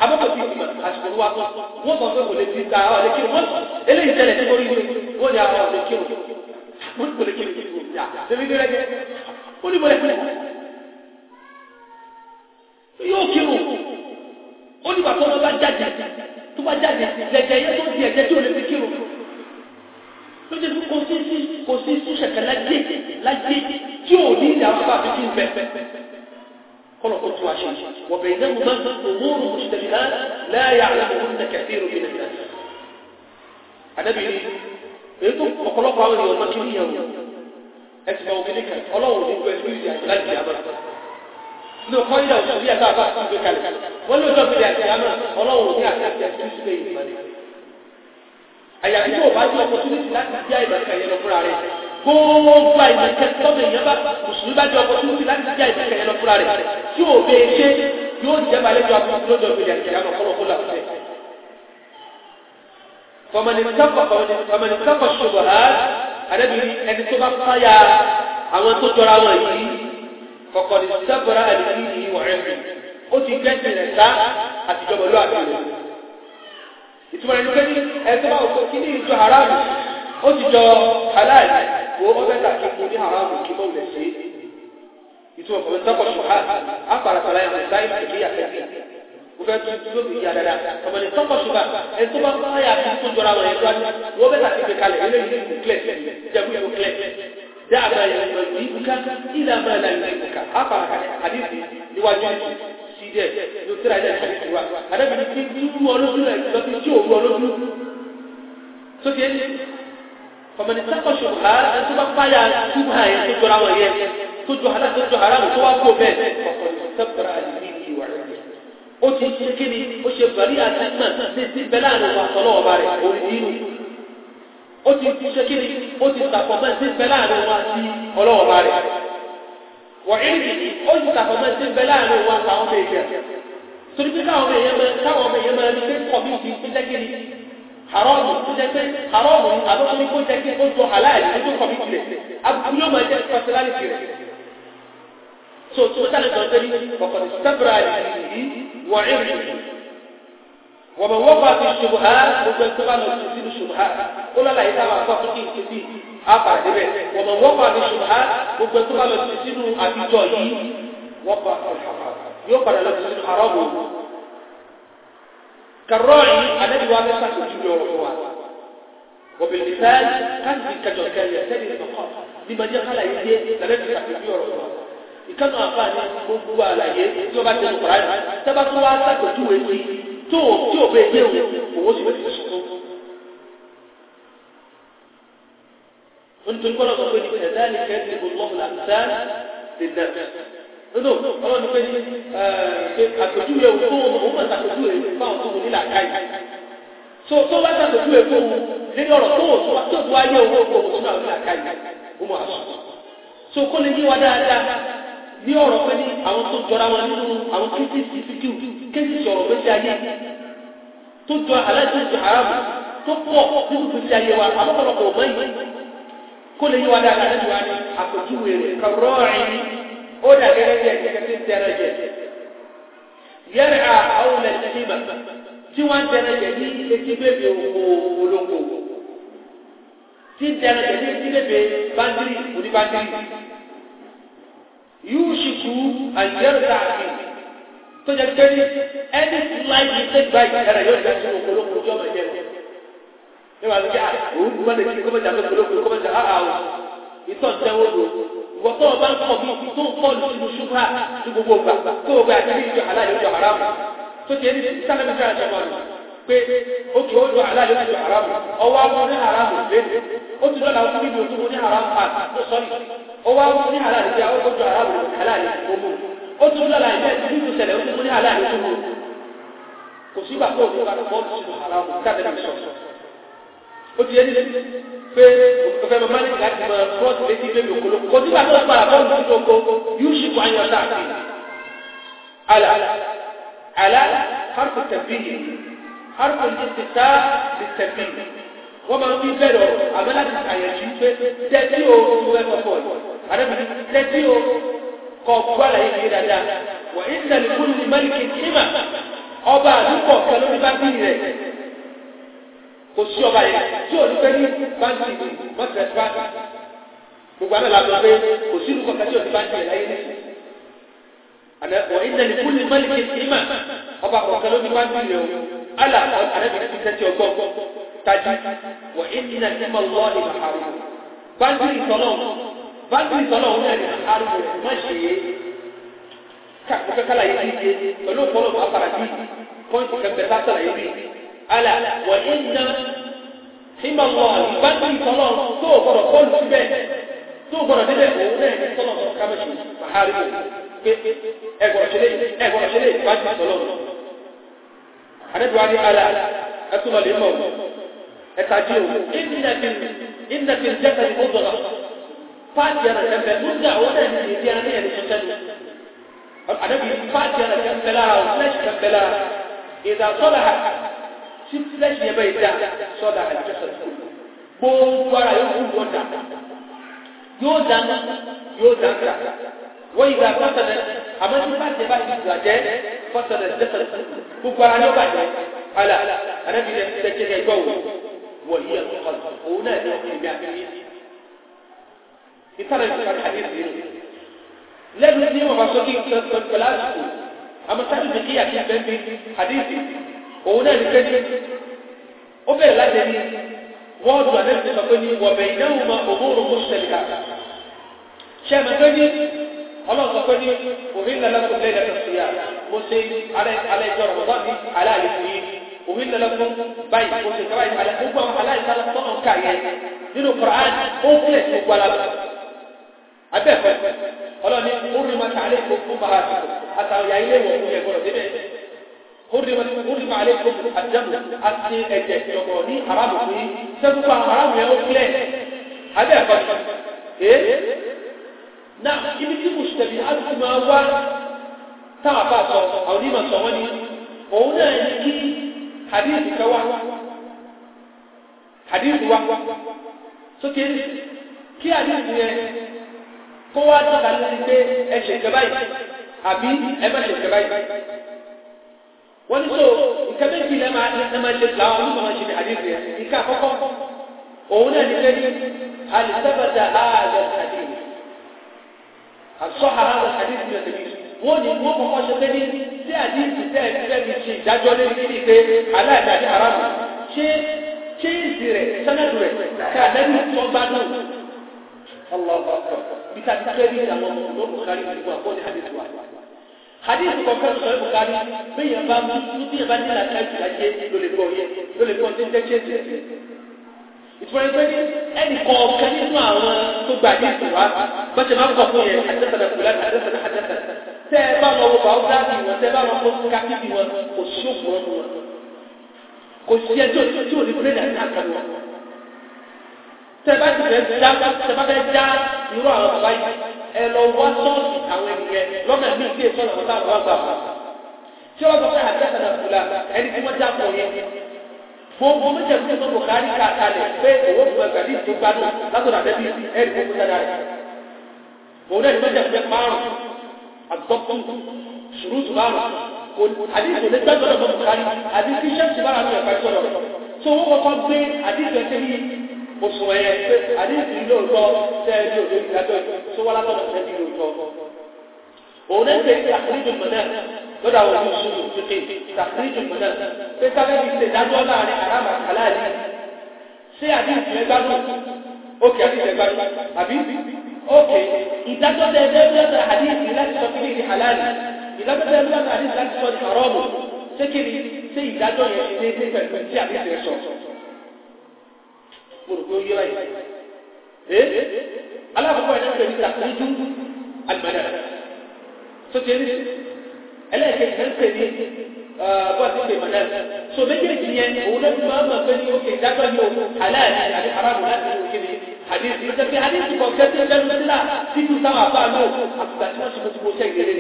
abọ́kọ̀ ti kùmọ̀ àsìkò wa tó wọ́n sọ pé kò lè ti ta ọ̀lẹ́ kí wọ́n eléyìí tẹ̀lẹ̀ tí orí mi wọ́n ní àwọn ọ̀lẹ́ kí wọ́n kò lè kí wọ́n ti kò ní yẹn bá fáyà àwọn tó jọra wọn yìí kọ̀kọ̀dì sẹ́bọ̀rà àdìsí yìí wọ̀ ẹ̀sìn ó ti gẹ́sìn rẹ̀ sá àtijọba ló àtàlẹ̀ ìtumọ̀ ẹni pé ẹgbẹ́ òkú kí ní ìjọ haramu ó ti jọ halal wo ó fẹ́ tàkìkù ní haramu kí mọ́ wùlẹ̀ ìtumọ̀ fọ̀mẹ́ntàkọ̀ ṣùgbọ́n á pàràpàrà ẹ̀mọ̀ sáyẹ̀ o fẹ́ tu yóò fi yà dada ọmọ ní tọ́kọ̀ ṣùgbà ẹ tó bá bá yà fi tó jọra wọn yẹn tó a ní wọ́n bẹ́ ta kéde kalẹ̀ eléyìí ní ìkúlẹ̀ jẹ́kú yóò kílẹ̀ dáàbà yẹn lọ sí ìbùkà ìlà máa là ní ìbùkà àpà àdìsí níwájú sí dẹ ló tẹ́ra ẹ̀ dẹ̀ àdìsí wa àdàbìnrin ti dúró ọlọ́dún rẹ̀ lọ́sí tí òru ọlọ́dún sókè fọmọdé tẹ́kọ̀ ṣùgbà ẹ tó bá bá yà ṣùgbà yẹn tó jọra wọn yẹn tó jọ ó ti ṣe kí ni ó ṣe pẹ̀lú àtìmọ̀ ní síbẹ̀ láàrin wa sọ́lọ́ ọba rẹ̀ orí ó ti ṣe kí ni ó ti sàfọ̀mọ́ síbẹ̀ láàrin wa sí ọlọ́ọba rẹ̀ wọ̀nyí ó ti sàfọ̀mọ́ síbẹ̀ láàrin wa sàwọn ọmọ èèyàn torí pé káwọn ọmọ èèyàn máa káwọn ọmọ èèyàn máa ní pé kọ̀mí ti ti jẹ́ kí ni haramu tó jẹ́ pé haramu àbọ̀tún kó jẹ́ kí ó jọ aláìsí tó kọ̀mí tilẹ̀ abúlé ó máa jẹ́ pàṣẹ so tó sálẹ̀ sọ pé kọ̀kọ̀ sábra yìí wọ̀ ẹ̀rù wọ́n mọ̀ wọ́n bá fi ṣubú ha gbogbo ẹgbẹ́ bá lọ sí sínú ṣubú ha ó lọ́la yìí táwọn akọ́ fún kí n ṣe bí apàdé rẹ̀ wọ́n mọ̀ wọ́n bá fi ṣubú ha gbogbo ẹgbẹ́ bá lọ sí sínú àbíjọ yìí wọ́n bá yóò padà lọ sí sínú àrọ́bù كالراعي الذي وافق سجوده وقوعه وبالمثال كان في كجوكا يعتني المقام لمن يقال يديه لم يفتح في وقوعه ìkànnì àfààní gbogbo àlàyé tí ó bá ti sọ̀rọ̀ àyè tẹ́bá tó wá sàgbẹ̀júwe sí tó tí ò bẹ́ẹ̀ dé òun sì ti sọ̀rọ̀. Nítorí kọ́lọ́ sọ pé ní ẹ̀dáàlì kẹ́sì olùmọ̀ọ́mù làǹtà lè nà. Nínú ọlọ́run pé ní àpèjúwe òun òun mọ̀ sàpèjúwe fáwọn tó wù nílà káyì. Tó tó bá sàpèjúwe fún un lórí ọ̀rọ̀ tó wò tó wáyé owó òkú òkú náà nílà káyì. Ó mọ̀ àṣọ. So kó lè yí wa dáadáa ní ọ̀rọ̀ pé ní àwọn tó jọra wọn nínú àwọn kéésì síkíù kéésì sọ̀rọ̀ gbèsè ayé tó jọ aláìsí ìjọ aráàlú tó pọ̀ nínú gbèsè ayé wa àbọ̀kọ̀lọpọ̀ ò mọ́yì kó lè yí wa dáadáa lẹ́nu wa ní àpèjúwe rẹ̀ kàrọ́ọ̀rìn ó dà gẹ́gẹ́ bí ẹ̀jẹ̀ kẹ́kẹ́ tẹ́rẹ̀ jẹ yẹ́rẹ̀ à àwọn ilẹ̀ tẹ́lẹ̀ mà tí wọ́n tẹ́rẹ̀ jẹ ní etí bèbè òkò tí tẹ́rẹ̀ jẹ ní etí bèbè yúùsùkú àyẹ̀rẹ̀dà àfihàn tó jẹ́ pé ẹni tí láì ní sẹ́gbà ìdára yóò jẹ́ fún òkòlókò tí ọmọ ẹ̀jẹ̀ rẹ̀ níwà ló jẹ́ ah, òun kọ́ lè fi kọ́mọ̀jà pé òkòlókò kọ́mọ̀jà á ah, àwọ̀ ah, ìtọ́ ìtẹ́wọ́ lò ìwọ tó ọba ń kọ̀ bí tó ń kọ́ lóṣù ṣúgbà tó gbogbo gbà o gbà àti ní ìjọ aláyọ̀ ìjọ àràmù tó jẹ́ ní sálẹ̀mí fẹ́ àjọpọ̀ rẹ̀ pé ó kì ó lọ aláyọ̀ ìjọ àràmù ọwọ́ àwọn oní àràmù lé ó ti lọ́la ó ní ibi òtún oní àràmù pàtó sọ́ọ̀lì ó wá mú ní halal tí a ó gbọ́dọ̀ aráàlú halal tó mú ó tún lọ́la ìjẹ́ ti ní ìṣẹ̀lẹ̀ ó tún mú ní halal tó mú kò sígbà tó kó bá bọ́ tó halal káàdé mi sọ ó ti yé ní pé òfẹ́ lọ máa ní láti mọ bọ́ọ̀tù létí lórí òkolo kò sígbà tó gbà bọ́ọ̀lù tó kó yóò ṣì kó ayọ̀ sáà kí ala ala harfu tabihi harfu al-istisna' lit-tabihi wọ́n máa ń fi bẹ̀rẹ̀ ọ̀rọ̀ àmọ́ láti ṣàyẹ̀jú pé tẹ́tí o ju ẹ̀ kọ̀kọ̀ yìí àdébìrì tẹ́tí o kọ̀ gbọ́ àlàyé yìí dáadáa wọ́n ń tẹ̀lé fún ní mẹ́lìkì kíma ọba àdúgbò pẹ̀lú ní báńkì rẹ̀ kò sí ọba yẹn tí ò ní fẹ́ ní báńkì mọ́tẹ̀ẹ́fà gbogbo àná làbọ̀ pé kò sí ìlú kọ̀ọ̀kan tí ò ní báńkì rẹ̀ láyé nísìnyí وإن لكل ملك إمام أبا قلوني ما بيو ألا أنا بنتي تتي أقوم kájú wọ ìdílé tí mo lọ ní àrùn báńkì sọlọ báńkì sọlọ wọn ní àrùn rẹ má ṣe é kàkókè kálá yìí ti ṣe pẹ̀lú ọpọlọ bá fara bí pọ́ǹtì kẹfẹ́ sátẹ̀lá yìí bí ala wọ ìdílé tí mo lọ báńkì sọlọ tó o gbọ́dọ̀ kọlu síbẹ̀ tó o gbọ́dọ̀ débẹ̀ òun náà ní sọlọ kábẹ̀ṣù àhárí pé ẹgbọ̀rọ̀ ṣẹlẹ̀ ẹgbọ̀rọ̀ ṣẹlẹ̀ báńkì sọlọ àdébíwájú ala ẹtùmọ̀lẹ́mọ̀ ẹ̀kàdíò ìnàbí ìnàbí ìjẹ́kẹ̀ ìgbógbòrò pàtì ẹ̀rọ kẹfẹ́ múdà ó náà ní ìdí àní ẹ̀rí ṣẹṣẹ́ ni àdébí pàtì ẹ̀rọ kẹfẹ́ lára ò fúlẹ́ṣì kẹfẹ́ lára ìdá sọ́dà tí fúlẹ́ṣì yẹn bẹ́ ìdá sọ́dà àjọṣẹ́ gbogbo ara yóò kú yóò dà yóò dáná yóò dáná wọ́n ìgbà pọ́sẹ̀lẹ̀ àmọ́ tí pàtì ìgbà jẹ́ pọ́sẹ̀lẹ̀ gbogbo ara yóò bàjẹ́ alà àdébí ẹ̀ وهي تقذفون لأجابين إذا رجل الحديث لهم لا نزني ومعصوكي تصدر فلاسكو أما سأل بقية في البيت حديثي هنا لكني أبي لا تني وعدوا نفسي فقني وبينهما أمور مشتركة شاما تني الله فقني أهل لكم ليلة الصيام مسيح علي, علي رمضان على الفين òbí lọ́lọ́ fún báyìí kò sí kábàáyì padà gbogbo àwọn aláìsàn tọ́nà ká yẹ nínú Qur'an ó ń kílẹ̀ sí gbala abẹ́fẹ́ ọlọ́ni orí ma ta alẹ́ kókó bàrà àtàwọn yàrá ilé wọ̀ fún yẹ gbọ́dọ̀ débẹ̀ orí ma alẹ́ kókó àjẹmù àti ẹ̀jẹ̀ ìjọ̀gbọ̀ ní arábù fún yín sẹ́kúkú àwọn arábù yẹn ó kílẹ̀ abẹ́fẹ́ ee náà ibi tí mo ṣẹ̀bi á máa wá táwọn àbá sọ àwọn onímọ̀ sọ wọ́n ni òun náà ní kí hadithi kan wá hadithi so sókè kí hadithi yẹn kó wá tọ́ka lórí pé ẹ ṣe ìjọba yìí àbí ẹ má ṣe ìjọba yìí wọ́n ní so nǹkan méjì lẹ́ máa ní máa ṣe làwọn olùkọ́ máa ṣe ní hadithi yẹn nǹkan àkọ́kọ́ òun náà ní pé alìsábàtà ààrẹ hadithi àṣọ ààrẹ hadithi yẹn wọ́n ní wọ́n kọ́kọ́ ṣe pé ní tí àdíjì bẹ́ẹ̀ ní bẹ́ẹ̀ ní ṣe ìdájọ́ lé ní ní pé aláìdájí aráàlú ṣé ṣé ìdí rẹ̀ sẹ́nẹ̀dù rẹ̀ ká lẹ́nu tó bá náà ọlọ́ọ̀bọ̀ bí ká ti fẹ́ bí àwọn ọmọ bukari àdìgbò àkọ́ni àdìgbò àdìgbò hadith kọ̀ọ̀kan sọ bukari bẹ́yẹn bá mú títí ẹ̀ bá ní làkàjì láyé lólè gbọ́ yẹ lólè gbọ́ tó ń tẹ́ ṣẹ́ṣẹ́ ìtumọ̀ pé ẹnì kọ̀ọ̀kan nínú àwọn tó gbà tẹ́ ẹ bá wọn wo biography wọn tẹ́ ẹ bá wọn kó kápítì wọn kò sí òkú ọdún wọn kò sí ẹ tí ò tí ò ní pé ní àtàkà wọn. tẹ́ ẹ bá ti fẹ́ já tẹ́ ẹ bá fẹ́ já irú àwọn bàbá yìí ẹ lọ wá sọ́ọ̀sì àwọn ènìyàn lọ́nà mí ìdí èso àwọn táwọn wá gbà wá. tí wọ́n sọ pé àjẹsára fúlà ẹni tí wọ́n já pọ̀ yẹn gbogbo méjèèjì tó bò kárí káàkiri pé òwò fún ẹgbẹ́ ní ìdí gbádùn látọ̀dọ̀ àbẹ́bí ẹ̀rí fún ìdára rẹ̀ òun náà ní méjèèjì márùn-ún àgbọ́pọ̀ ṣùgbọ́n tó bá rà kò àdìsí lè gbẹ́jọ́ lọ́dọ̀ bùkárí àdìsí iṣẹ́ ti bára ní ẹ̀ka ìjọ lọ. tó wọ́n kọ́kọ́ gbé àdìsí ẹsẹ̀ ní oṣù ẹ̀yẹ pé àdìsí lóòótọ́ sẹ́ẹ̀dì òde ìdájọ́ tó wá látọ̀dọ̀ sẹ́ẹ̀dì lóòótọ́. òun náà ṣe ṣe àkúrídùn mọ̀nà lọ́dọ̀ àwọn ọmọ ṣùgbọ́n tó ṣe ṣàkúrídùn mọ̀nà pé sábẹ́bí ṣe dájọ́ láàrin àràmà kàláàdì ṣé àdìsí ẹgbàdùn ó kì àdìsí ẹgbàdùn àbí اوكي اذا كنت يا ابني بتقرا حديث لا تشرب فيه حلال اذا كنت يا ابني بتقرا حديث لا تشرب فيه حرام سكري سي داتو يا سي في سي يا بيتي في برضو يلاي ايه في بقول انا كنت في البلد سكري الا في سكري اه بس في مدام سو بدي في يعني اقول لك في ما بدي اوكي في حلال يعني حرام ولا كده حديث ده في حديث بوكات الجنة تيجي سبعة بعد أكبر ناس بتبوسين كده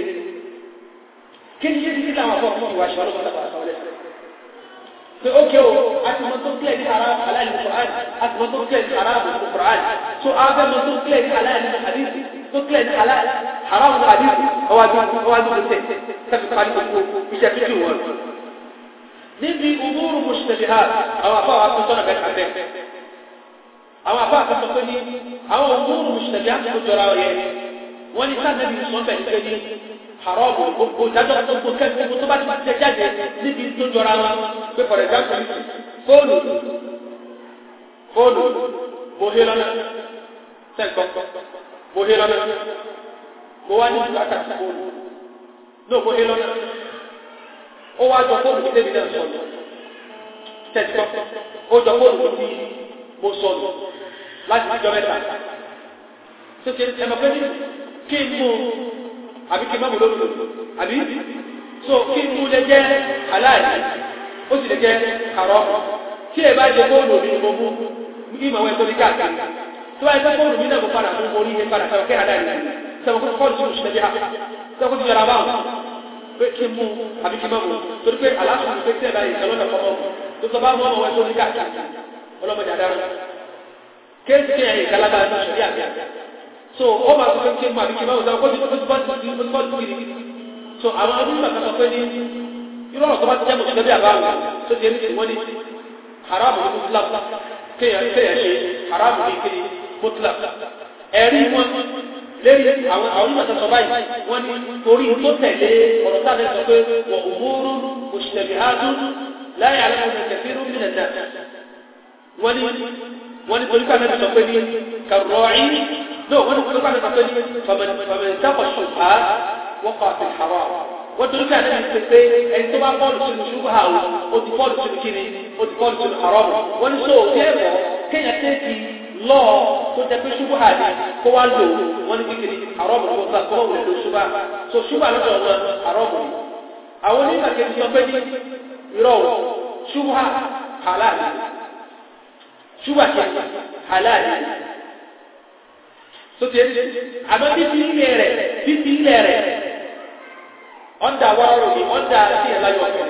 كل شيء كده ما فوق ما واشرب سبعة سو اوكي اكو منطوق كده حرام حلال القران اكو منطوق كده حرام القران سو اكو منطوق كده حلال الحديث تطلع حلال حرام الحديث هو هو المسلم تفق عليه بشكل هو نبي امور مشتبهات او افاضل صنع بين حبيب àwọn àbá àkọsọ pé ní àwọn òmùrù mùsùlùmí àti òjòrà ọ̀yẹ́ wọ́n ní sáà nẹ́bí sọ bẹ̀ nígbẹ́ ní àrọ́bù gbogbo ìdájọ́ gbogbo kẹ́kọ̀ọ́ tó bá ti bá ti jáde níbi tó jọra wọn pé for example fóònù fóònù bóhé lọ́nà sẹ́ńkọ́ bóhé lọ́nà mo wá ní ìlú àkàtà fóònù náà bóhé lọ́nà ó wá jọ fóònù tẹ́bi náà sọ̀rọ̀ ó jọ fóònù tó fi mo sọ̀rọ̀ láti ìjọ mẹ́ta tó ti ẹmọ pé kí n mú àbí kí n má mú lórí àbí so kí n mú lè jẹ́ aláìsí ó sì lè jẹ́ àrọ́ tí ẹ bá jẹ fóònù mi mo mú kí ìmọ̀ wọn tóbi káàkiri tó bá jẹ fóònù mi náà mo padà fún orí yẹn padà fẹ́ kẹ́ aláìsí sẹ́wọ̀n kó kọ́ọ̀lù tó ṣẹlẹ̀ ha sẹ́wọ̀n kó ti yọra báwọn pé kí n mú àbí kí n má mú torí pé aláṣọ ọlọ́mọdé adára kéèké ẹ̀ ìkálábà ní ìṣòrí àbí so ó máa tó kéèké mú àbíkí báwo sáwọn kọ́sí kọ́sí bọ́ọ̀lù kiri kọ́sí bọ́ọ̀lù kiri so àwọn abúlé kan sọ pé ní irú ọ̀rọ̀ tó bá ti jẹ́ mọ̀tò tẹ́lẹ̀ àbá àwọn tó ti ẹni wọ́n ní haramu ní mutla kéèyàn kéèyàn ṣe haramu ní kiri mutla ẹ̀rí wọn lẹ́yìn àwọn àwọn onímọ̀ sọ báyìí wọ́n ní torí tó tẹ̀lé ọ̀rọ̀ táà lẹ́sọ pé wọ̀ òhúrú òṣìṣẹ́ wọ́n ní wọ́n ní torí ká mẹ́ta sọ pé ní kàrọ́ọ̀ì náà wọ́n ní torí ká mẹ́ta sọ pé ní fàmẹ́ntàkọ̀ṣù ha wọ́n kọ́ àti hàrá wọ́n torí ẹni tó bá bọ́ọ̀lù sínú ṣubú ha o ti bọ́ọ̀lù sínú kíni o ti bọ́ọ̀lù sínú hàrá wọ́n ní sọ òfin ẹ̀bọ̀ kéèyàn tẹ́ẹ̀kì lọ́ọ̀ tó jẹ́ pé ṣubú ha ni kó wá lò wọ́n ní kíkiri hàrá kó sá kó wọ́n lò ṣubá so ṣubá lọ́dọ̀ ọ̀dọ̀ hàrá àwọn onímọ̀ kejì ní irọ́ ṣubú ha halal ṣúgbà kẹ halal tó ti ẹni àmọ́ títí ilẹ̀ rẹ̀ títí ilẹ̀ rẹ̀ ọ̀dà wa ọ̀rọ̀ mi ọ̀dà sí ẹ̀ láyọ̀ ọ̀fẹ́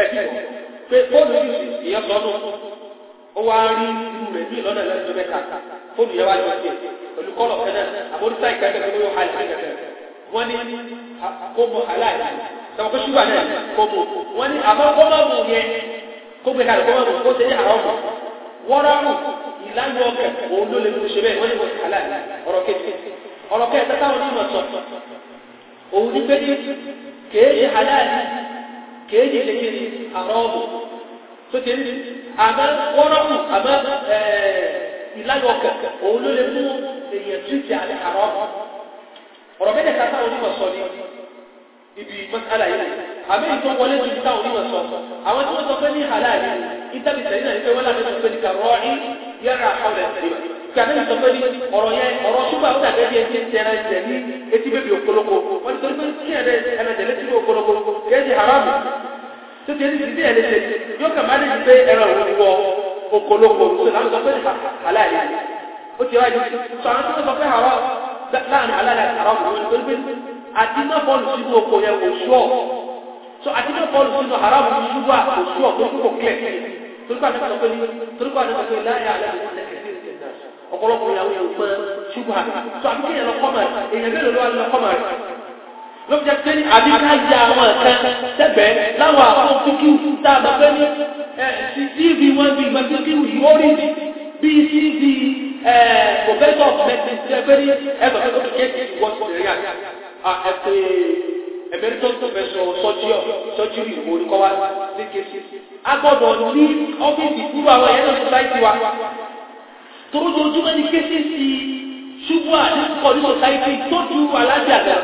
ẹ̀ ti bọ̀ pé fóònù ìyẹn sọ́nù ó wá rí irú rẹ̀ bí ìlọ́nà lẹ́sọ̀ mẹ́ta fóònù yẹn wá lọ sí ẹ̀ pẹ̀lú kọ́lọ̀ fẹ́nà àbórísà ìkẹ́kẹ́ tó yọ àìsàn ìkẹ́kẹ́ wọ́n ní kó mọ aláìsàn sọ pé ṣúgbà náà kó mọ wọ́n ní àmọ́ kó mọ̀ mọ̀ yẹn kó wọ́rọ́rù ìlànà ọkẹ̀ òun ló lè fi ṣe bẹ́ẹ̀ wọ́n ní wọ́n kàlá ọ̀rọ̀ kejì ọ̀rọ̀ kẹta táwọn onímọ̀ sọ òun ní pé kéèyí aláàlì kéèyí kékeré àrọ́ọ̀bù tó ti rí àmọ́ wọ́rọ́rù àmọ́ ìlànà ọkẹ̀ òun ló lè mú èèyàn tí ti àlẹ́ àrọ́ọ̀bù ọ̀rọ̀ mẹ́tẹ̀ẹ̀ta táwọn onímọ̀ sọ ni ibi mọ́sálà àmì ìtọ́wọlé tó ti táwọn onímọ̀ sọ àwọn tí wọ́n sọ ní àlàyé ìtàbí sẹ́yìn náà ìfẹ́ wọ́n láti tó pé ní kàrọ́ rí yára àkọọ́lẹ̀ sílẹ̀ kàmí ní sọfẹ́ ní ọ̀rọ̀ yẹn ọ̀rọ̀ ṣùgbọ́n àwọn dàbẹ́ bí ẹni tẹ́ ẹ̀rọ ẹ̀jẹ̀ ní etí bèbè òkoloko wọ́n ti sọ pé kí ẹ̀rọ ẹ̀rọ ẹ̀jẹ̀ létí òkoloko kẹ́ ẹ̀jẹ̀ haramu tó ti ẹni tìdí ẹ̀rọ ẹ̀jẹ̀ yóò kà máa ní ti pé ẹ̀rọ òun so àti náà bọ́ọ̀lù sínú haramu ní ṣubú àkókò àkókò kò kílẹ̀ torípa àti sọ pé ní torípa àti sọ pé láyé àlẹ́ ọ̀pọ̀lọpọ̀ ìyàwó yẹn pẹ́ ṣubú àti so àti kéèyàn lọ kọ́mà rẹ̀ èèyàn mélòó ló wà rẹ̀ ló jẹ́ pé ní àbí àwọn ẹ̀kan tẹ́gbẹ̀ẹ́ láwọn àpò kíkú tá a bá pé ní cv wọn bí ìgbà kíkú yìí ẹ̀bẹ̀rẹ̀ tó tó fẹsọ̀ sọ́jíọ̀ sọ́jíọ̀ ìwò orúkọ wa léke sí. a gbọ́dọ̀ ní ọ́fíìsì kúrò àwọn ẹ̀yẹ́ náà sọ́sáìtì wa tòrójòjúmọ́ ni kéṣe sí ṣubú àdínkọ̀ ní sọ́sáìtì tó ju alájà lọ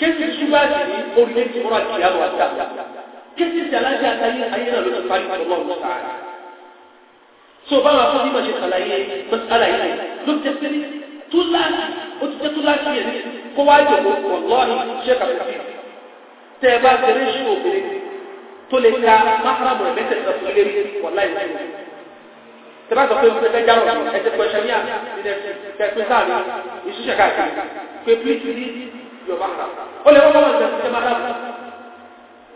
kéṣe ṣubú àti orílẹ̀-èdè mọ́ra ti yàrá wa dà kéṣe sí alájà àtàyè ayé náà ló ti parí ọlọ́run sáà so báwọn afọ́ túláàsì ó ti jẹ́ túláàsì yẹn kó wá jòkó ọ̀lọ́ọ̀ni ṣé kàfíà tẹ́ ẹ bá gẹ̀rẹ́ ṣù obìnrin tó lè ka máhàrámù ẹ̀mẹ́tẹ̀ ìsọ̀kúnlé wọ̀lá ìwé tẹ́ bá sọ pé wọ́n fẹ́ járọ̀ ẹ̀jẹ̀ pẹ̀ṣẹ̀ ní àná ìdẹ̀pẹ̀ sáà ní ìṣúṣẹ̀ káàkiri pé pílíìtì ní yọ̀ máhàrámù ó lè wọ́n mọ́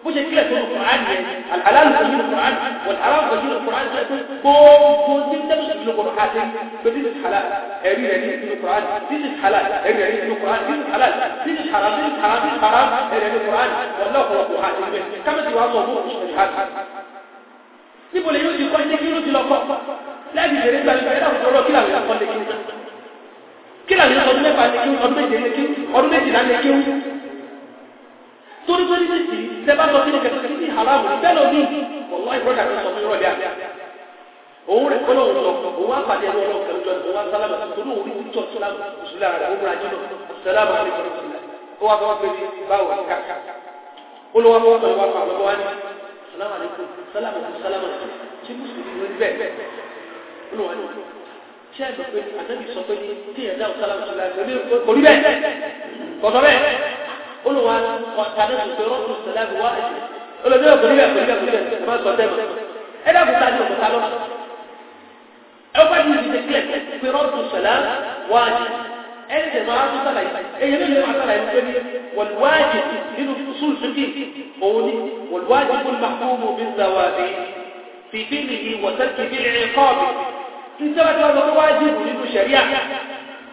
bó ṣe nílẹ̀ tó ní kùrán yẹn aláàlú kò yín kùrán wọn aráàlú kò yín kùrán yẹn gbogbo tí ń tẹ́lẹ̀ tó ní kùrán àti pé this is halal ẹ̀rí rẹ̀ ní ìlú kùrán this is halal ẹ̀rí rẹ̀ ní ìlú kùrán this is halal this is haram this is haram this is haram ẹ̀rí rẹ̀ ní kùrán wọn náà kọ̀ọ̀kọ̀ àti ìgbẹ́ kábẹ́tì wa sọ̀ fún oṣù níbo lè yóò ti kọ́ ilé kí ló ti lọ kọ́ láti ìṣeré gbàgbé ẹ̀dá òṣèlú ọ̀rọ̀ kí làwọn ìṣàkọ́ lè kí ọdún mẹ́fà lè kí ọdún méje lè kí ọdún méjìlá lè kí tẹ́bá sọ sínú kẹ̀kẹ́ sí haram bẹ́ẹ̀ ní ọ̀wọ́ ìbọ̀dà kan sọ fún ìrọ̀lẹ́ àbíà òun rẹ̀ kọ́ lóun sọ òun á pàdé ẹ̀rọ ọlọ́run kẹlẹ́jọ́ òun á sálámà tó lóun rí títọ́ sílámù sílámù òun rà jùlọ sálámù àlejò ó wá fọwọ́ pé báwo kàkà ó lọ́wọ́ fọwọ́ pẹ̀lú wàá pàmò wá ní sálámù àlejò sálámù sálámù tí mùsùlùmí ló ń bẹ̀ ó lọ́wọ́ ní ṣé ẹ̀dọ̀ pé àtẹ́bí sọ pé tí ẹ̀dá ò sálámù sílámù kò rí bẹ́ẹ̀ kọ̀ قولوا وانا وقالت الرسول السلام واحد قولوا ده كلمه كلمه كلمه ما صدق انا كنت عايز اقول اول من يتكلم في السلام واجب انت ما عرفت طبعا ايه اللي ما عرفت والواجب له اصول فقهيه قولي والواجب المحكوم بالزوابي في فعله وترك بالعقاب انت ما تقول واجب له شريعه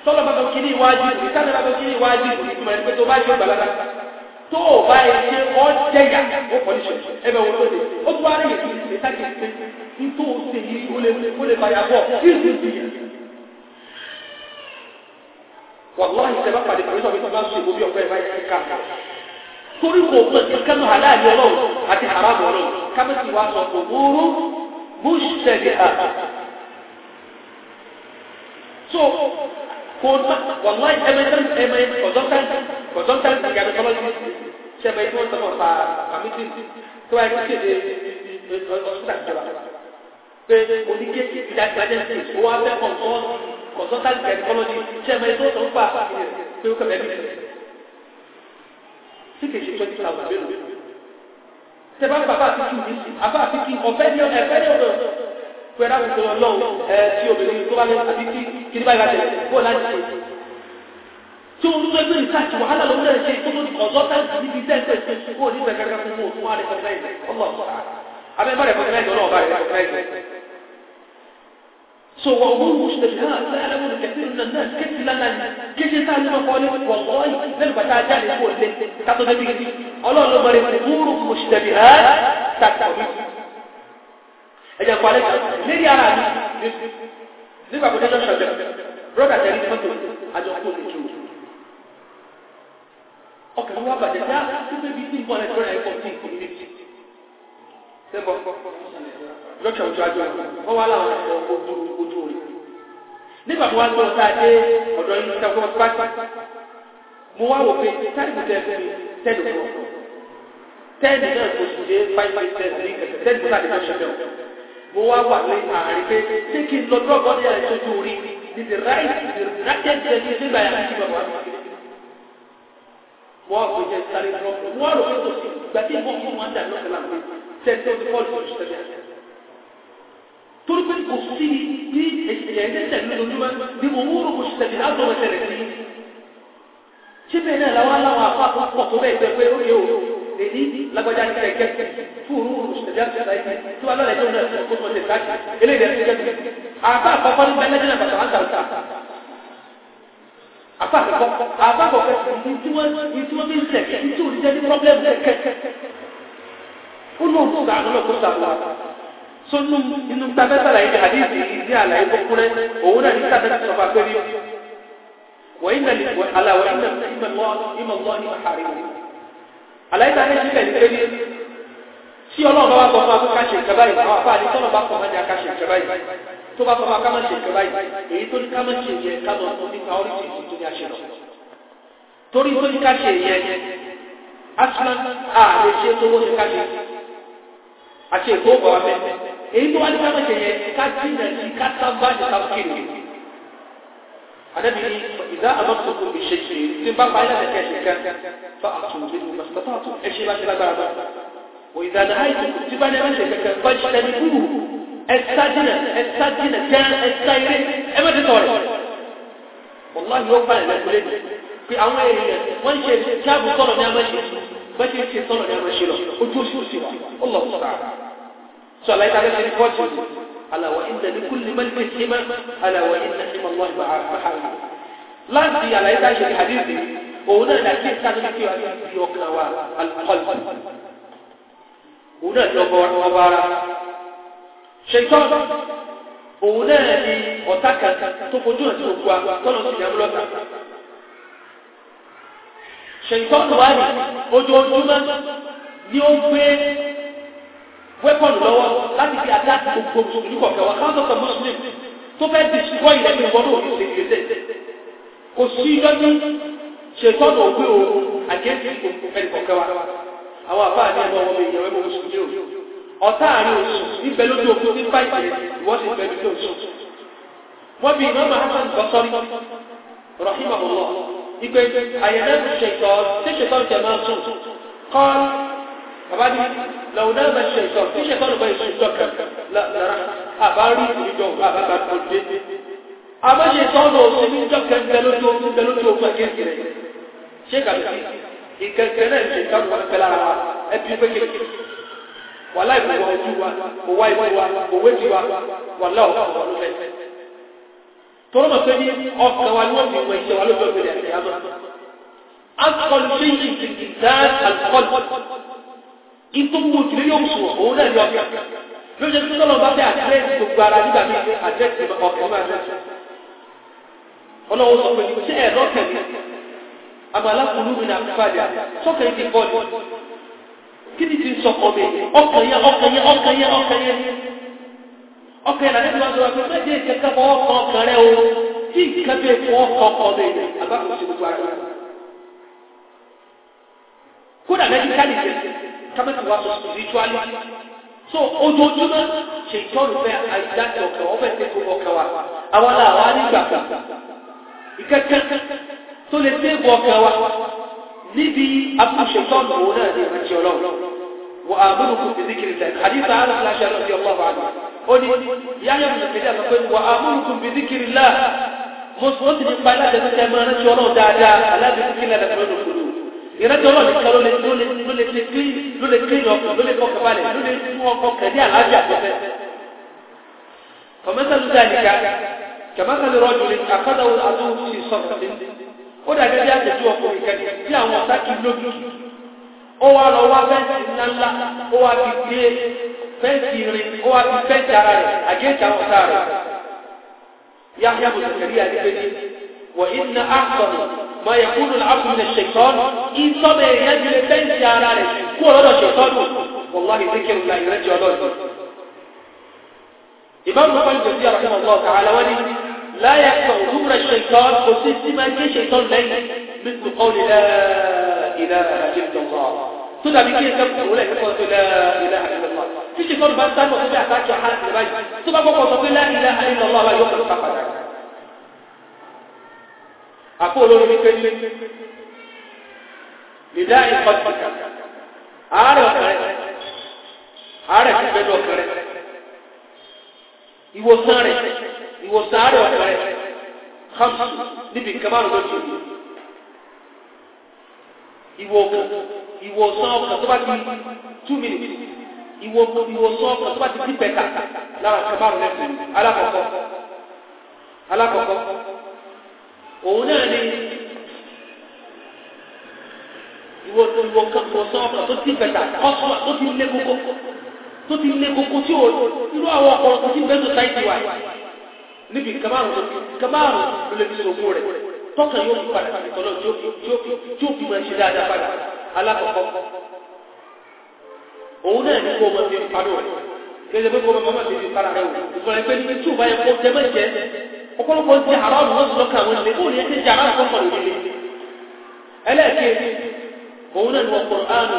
tọ́lọ̀ bá bọ̀ kiri iwájú ìtàn bá bọ̀ kiri iwájú ìtumọ̀ ẹni pé tó bá yọ gbàlagbà tó o bá yẹ ṣe ọ́ jẹ́yà ó pọ̀ níṣẹ́ ẹbẹ̀ wọ́n lóde ó tún wá rí èyí ṣe sáké ṣe ní tó o ṣe yìí ó lè ó lè bá yàgbọ́ kí ìlú ti yẹ. wàlúwà yìí sẹ́bà pàdé pàdé sọ̀rọ̀ ìtura ṣe ìbomi ọ̀pẹ ìbá yẹn ká torí kò mọ̀ ní kánú so kó má wàláì ẹmẹtẹrì ẹmẹ kọjọntẹrì kọjọntẹrì gynecology sẹmẹ tí wọn sọfọ fà àmìtì tó wáyé kíkè dé ọsùn àjọba pé oníkè ìdájọ sí owó abẹ kọsọ kọjọntẹrì gynecology sẹmẹ tí wọn sọfọ fà pé ó kẹmẹ bí sí kèsì twenty thousand bẹ́ẹ̀ lọ sẹbà bàbá àfikún yìí àbá àfikún ọ̀fẹ́ ní ọ̀fẹ́ ní ọ̀dọ̀ pẹ̀lú àwọn ìṣòro ọlọ́run ẹ obìnrin tó bá lẹ àbí tí kìdí báyìí bá tẹ̀lé láti ṣe. tí wọn tó gbé nǹkan àti wàhálà ló ń ṣe tó tó ọ̀dọ́ táwọn níbi tẹ́ ẹ̀ tẹ̀ ṣe kó ní ìwẹ̀ kankan fún wọn fún wa rẹ̀ fọ́nrẹ́ ìgbẹ́ ọlọ́run. abẹ́ bá rẹ̀ fọ́nrẹ́ ìgbẹ́ ọlọ́run bá rẹ̀ fọ́nrẹ́ ìgbẹ́ سوى أمور مشتبهات لا يعلمون كثير من الناس كثير لنا كثير تعلم قولي والله لن بتعجل يقول لن تعطي نبي الله لما أمور مشتبهات تكتبه ẹ̀jẹ̀ kọ́lé lédi ara mi nígbà tó dájọ́ ṣọ̀jọ́ brọ́dà tẹ̀lé fọ́tò àjọ kó ah, lè tó ọkàn wa bàjẹ́ já tó bẹ́bí tí ń bọ̀ lẹ́tọ́ rẹ̀ ẹ̀kọ́ tí ń kò ní ti sẹ́bọ̀ lọ́kẹ̀ ọjọ́ àjọ wọ́n wá láwọn ọ̀pọ̀ ojú ojú orí nígbà tó wá lọ́wọ́ tá a dé ọ̀dọ̀ yìí sẹ́kọ́ pátá mo wá wò pé táìpù tẹ́ fẹ́ mi tẹ́lù tẹ́lù náà kò sì dé fáìfáì tẹ́lù ní tó láti lọ́ṣẹ̀ bẹ́ẹ̀ ó wá wà ní àárín pé ṣé kí n lọ dọ́gbọ́ ní àìsójú orí níbi ráìsì rájẹ́jẹ́ ní nígbà yàrá sí bàbá wọ́n kò jẹ́ sáré lọ́pọ̀ wọ́n rò pé kò sí ìgbà tí wọ́n fún wọn dà lọ́sẹ̀ láti tẹ̀sí ọdún bọ́ọ̀lù tó ṣe tẹ̀lé torí pé kò sí ní ẹ̀yẹ́ tẹ̀lé lójúmọ́ ní òun rò kò ṣe tẹ̀lé àgbọ̀wọ̀ tẹ̀lé sí síbẹ̀ náà làwọn aláwọ̀ àpapọ̀ tó bẹ́ẹ̀ gbẹ pé ó yẹ òun èyí lágbájá ní kẹ̀kẹ́ fúru ìṣẹ̀já tí wọ́n lọ́lẹ̀ tó ń lọ kó sọ tẹ̀sán eléyìí dẹ̀ tó jẹ́ tó àbá àkọ́kọ́ ní bẹ́ẹ̀ náà bàtà wọ́n ta àbá àkọ́kọ́ àbá àkọ́kọ́ ìtí wọ́n fi ń sẹ̀ ìtí ò jẹ́ ní pọ́blẹ́mù kẹ̀kẹ́ ó ní òkú àná lọ kó sàbọ̀ so nínú nínú tábẹ́tàlà yìí àdéhìí ní àlàyé kókúrẹ́ òun náà ní tábẹ́tà sọ̀rọ̀ àpẹẹrẹ وإن على وإن إما الله إما àlàyé ní sílẹ̀ ní pé tí ọlọ́run bá wá sọ fún akọ́ká ṣe ìjọba yìí àwọn afáàní tọ́lọ̀ bá kọ̀ mọ́jà ká ṣe ìjọba yìí tó bá sọ fún akámọ́ ṣe ìjọba yìí èyí tó ní ká mọ́ ṣe yẹ ká lọ sọ nípa oríṣiríṣi tó ní àṣẹ lọ torí tó ní ká ṣe yẹ asman a lè ṣe tó wọ́n ní ká ṣe àti èkó ọ̀gbà wa bẹ́ẹ̀ èyí tó wá ní ká mọ́ ṣe yẹ ká النبي فإذا أمرتكم بشيء تنبغ على زكاتك فأعطوا منه ما استطعتم أشي ما تنبغ وإذا نهيتكم تبان من زكاتك فاجتنبوه السادنة السادنة كان السائرين أما تتولى والله يوفى لنا كلنا في أوائل وان شيء كابو صلى نعمشي بشي شيء صلى نعمشي له وجوه شو سوا الله تعالى سو الله تعالى في وجهه ألا الله محارمه láti àlàyé tá a ṣe hadithi òun náà dàkí sáfíkì àti ọkàn wa alukọlù òun náà ní ọba ara ṣètò òun náà ní ọ̀tá kankan tó fojú àti òkú wa tọ́nà sí ojoojúmọ́ ni ó gbé weapon lọ́wọ́ láti fi attack gbogbo mùsùlùmí kọ̀ọ̀kan wa káwọn sọ̀tọ̀ muslim tó fẹ́ destroy ilẹ̀ mi wọ́n ló ṣe ṣe kò sí lọ́dún ṣètọ́nù ògbé o àjẹsí ẹnì kọ̀ọ̀kan wa àwọn àbá àti ẹ̀mọ́ ọmọ èèyàn ẹ̀mọ́ mùsùlùmí o ọ̀tá àárín oṣù níbẹ̀ lójú ogun ní fáìtì ìwọ́n sì bẹ̀ lójú oṣù wọ́n bí iná mahamman bọ́sọ́rí rahimahullah ìgbé àyẹ̀lẹ́sì ṣètọ́ tí ṣètọ́ jẹ máa sùn kọ́ bàbá ní lọ́wọ́dá bá ṣe ìtọ́ tí ṣe tọ́lù bá ìṣe ìtọ́ kan lára àbárí ìjọ àbábá kò dé àbáṣe tọ́lù òsì ní ìjọ kan bẹ lójú ogun bẹ lójú ogun akẹ́kẹ́ rẹ̀ ṣé kàbí ìkẹ́kẹ́ náà ṣe ìtọ́lù bá pẹ́ lára wa ẹbí pékèké wà láì wọ ojú wa kò wá ìwọ wa kò wé ju wa wà láwọ ọ̀pọ̀ ló fẹ́ tọ́lù mọ̀ pé ní ọkàn wa ni wọ́n fi wọ ìṣe wa lójú ọ̀gbẹ̀rẹ̀ àti àbọ̀ tó wù jù yóò sùn òun náà ní ọkàn ló ṣe tó lọ bá fẹ́ àdírẹ́sì gbogbo ara nígbà mi àdírẹ́sì ọkàn máa lọ ọlọ́wọ́ sọ pé ṣé ẹ̀rọ kẹ̀mí àmọ́ alákùnrin mi náà fàdé sọ́kẹ̀ ìdí bọ́ọ̀lù kí ni ti sọkọ̀ mi ọkàn yẹn ọkàn yẹn ọkàn yẹn ọkàn yẹn ọkàn yẹn làdébí wọn sọ pé méje kẹkẹ bọ ọkàn ọkàn rẹ o tí nǹkan bẹ ọkàn ọkàn capital wa was spiritually so ojoojúmọ́ ṣe ìtọ́rù fẹ́ àìdájọ́ ọkọ̀ ọfẹ́ tí kò ọkọ̀ wa àwọn làwọn anígbàgbà ìkẹ́kẹ́ tó lè tẹ́ ìbò ọkọ̀ wa níbi àtúnṣetọ́nù òun náà ní ìrántí ọlọ́run wọ àmúrùkù ti zikiri lẹ àdìsá aláṣẹ lọ sí ọgbà wa ni ó ní yáyọ nàìjíríà sọ pé wọ àmúrùkù ti zikiri lẹ mo sì ní pa láti ẹsẹ mọ ẹrántí ọlọ́run dáadáa aláàbí zikiri lẹ lẹkọọ ìrẹ́jọ́ náà nìkan ló lè ló lè ló lè lè kí ló lè kí ọkọ̀ ló lè kọkọ̀ balẹ̀ ló lè fún ọkọ̀ kẹ̀dí àlàáfíà tó fẹ́. kọ̀mẹ́sà ló dá nìka kẹ̀mẹ́sà ló rọ́jò ní àkọ́dáwó àdúgbò sí sọ̀rọ̀ sí. ó dàgẹ́ bí àjẹjú ọkùnrin kẹ́kẹ́ tí àwọn ọ̀tá kì í lójú. ó wá lọ wá fẹ́ǹsì ńláńlá ó wá fi gbé fẹ́ǹsì rin ó وإن أعظم ما يكون العبد من الشيطان إن صبر يجل تنسي على عليه هو هذا الشيطان والله ذكر لا يرجع الله إمام ابن جزية رحمه الله تعالى ولي لا يكفر دور الشيطان ما في شيطان لي مثل قول لا إله إلا الله تدع بكي يكفر ولا يكفر لا إله إلا الله في شيطان بأسان وتبع تاكي حالة البيت تبع بقى لا إله إلا الله لا يكفر فقط àpò olórí wípé ní ìdá ìpàdé ààrẹ ọ̀kẹ́rẹ́ ààrẹ ìpẹ́jọ ọ̀kẹ́rẹ́ ìwòsàn rẹ̀ ìwòsàn ààrẹ ọ̀kẹ́rẹ́ hamsu níbi kẹmàrún ló ti ìwò ìwòsàn ọkàn tó bá ti two minutes ìwò ìwòsàn ọkàn tó bá ti dípẹ̀ta lára kẹmàrún lẹ́sìn alákọ̀ọ́kọ́ alákọ̀ọ́kọ́ òun náà ni ìwọ tó ìwọ kò sọ ọkọ tó ti bẹ̀tà ọkọ tó ti lé kókó tó ti lé kókó tí ò irú àwọn ọkọ tó ti bẹ́ sọsáìtì wa níbi kàmáàrún kàmáàrún ló lè fi ṣògbó rẹ̀ tọ́kàn yóò fi padà sí tọ́lọ́ tí ó fi máa ṣe dáadáa padà alákọ̀ọ́kọ́ òun náà ní kó o máa fi padà rẹ̀ kéde pé kó o máa fi padà rẹ̀ wò ìfọ̀rọ̀ ẹgbẹ́ ní pé tí ò bá yẹ kó o jẹ mọ́ jẹ́ ọ̀pọ̀lọpọ̀ ti haram wọ́n ti lọ́kàn àwọn ìlẹ́kùn ní ẹ̀sìn jàrá àkọ́kọ́ ìlẹ́ ẹlẹ́ẹ̀kẹ́ òun náà ni wọ́n kọ̀ ánù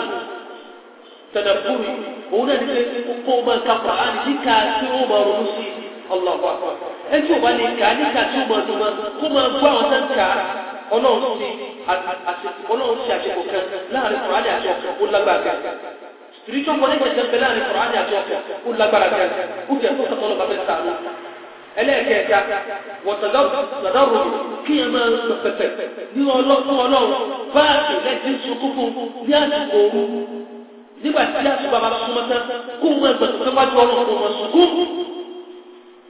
tẹ̀dẹ̀kùrì òun náà ni pé kókó máa ka Kùránì níka tí ó máa ronú sí ọlọ́ọ̀bà ẹ tí ò bá lè kà níka tí ó máa dùn máa kó máa gbọ́ àwọn tó ń kà ọlọ́run sí àṣepọ̀ kan láàrin Kùránì àti ọ̀kan ó lágbára spiritual connection bẹ láàrin Kùránì àti ọ̀kan ó lágbára kan ó jẹ́ kó sọ́tọ́ lọ́ ẹlẹ́ẹ̀kẹta wọ̀tọ̀lọ́rọ̀ kí ẹ máa ń pẹ̀pẹ̀ ní ọlọ́run ọlọ́run bá ìrẹsì sunkúkú ní àsìkò ooru nígbà tí àsìkò bàbá súnmọ́ tán kó wọn ẹgbẹ̀rún tó wájú ọlọ́run kó wọn sunkú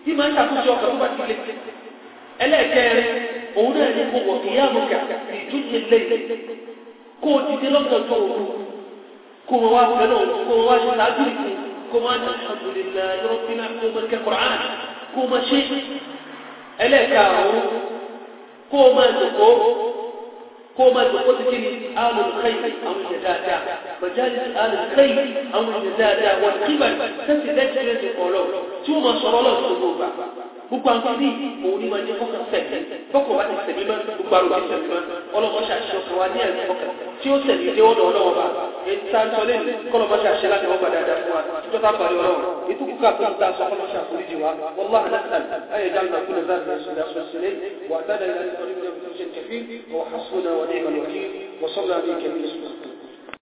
kí máa ń ṣàkóso ọkọ̀ tó bá ti lè ẹlẹ́ẹ̀kẹrin òun náà ní kó wọ̀kì yá mú kà ìdúnyẹ lé kó o dìde lọ́kàn tó o kó o wá pẹ̀lú kó o wá ṣe láàbì kó o wá ní alhamdulilayi rọ́bìnà kó kó o máa ṣe ẹlẹ́ẹ̀karùn-ún kó o máa dòkó kó o máa dòkó títí ní alùkẹ́ àwọn ìṣẹ̀ dáadáa bàjáde alùkẹ́ àwọn ìṣẹ̀ dáadáa ọ̀rọ̀ tí wọ́n máa sọ̀rọ̀ lọ́sọ̀rọ̀ gbogbo àwọn ọmọdé òun ní wájú ọkàn tẹ̀lé bọ́kọ̀ wá ti tẹ̀lé lọ́dún gbogbo àrùn bíi tẹ̀lé ọlọ́wọ́ ṣàṣẹ ọkàn wá ní ẹ̀rí ọkàn tí ó tẹ̀lé dé ọ̀dọ̀ ọlọ́wọ́ bá ètò àjọ lé ṣàṣẹ láti wọ́n padà dáa wa tó parí ọlọ́wọ́ ètò kúkà ta sọ kọ́lọ́ ṣàforíjì wa wọ́lá àdáta ayé dáná kúlẹ̀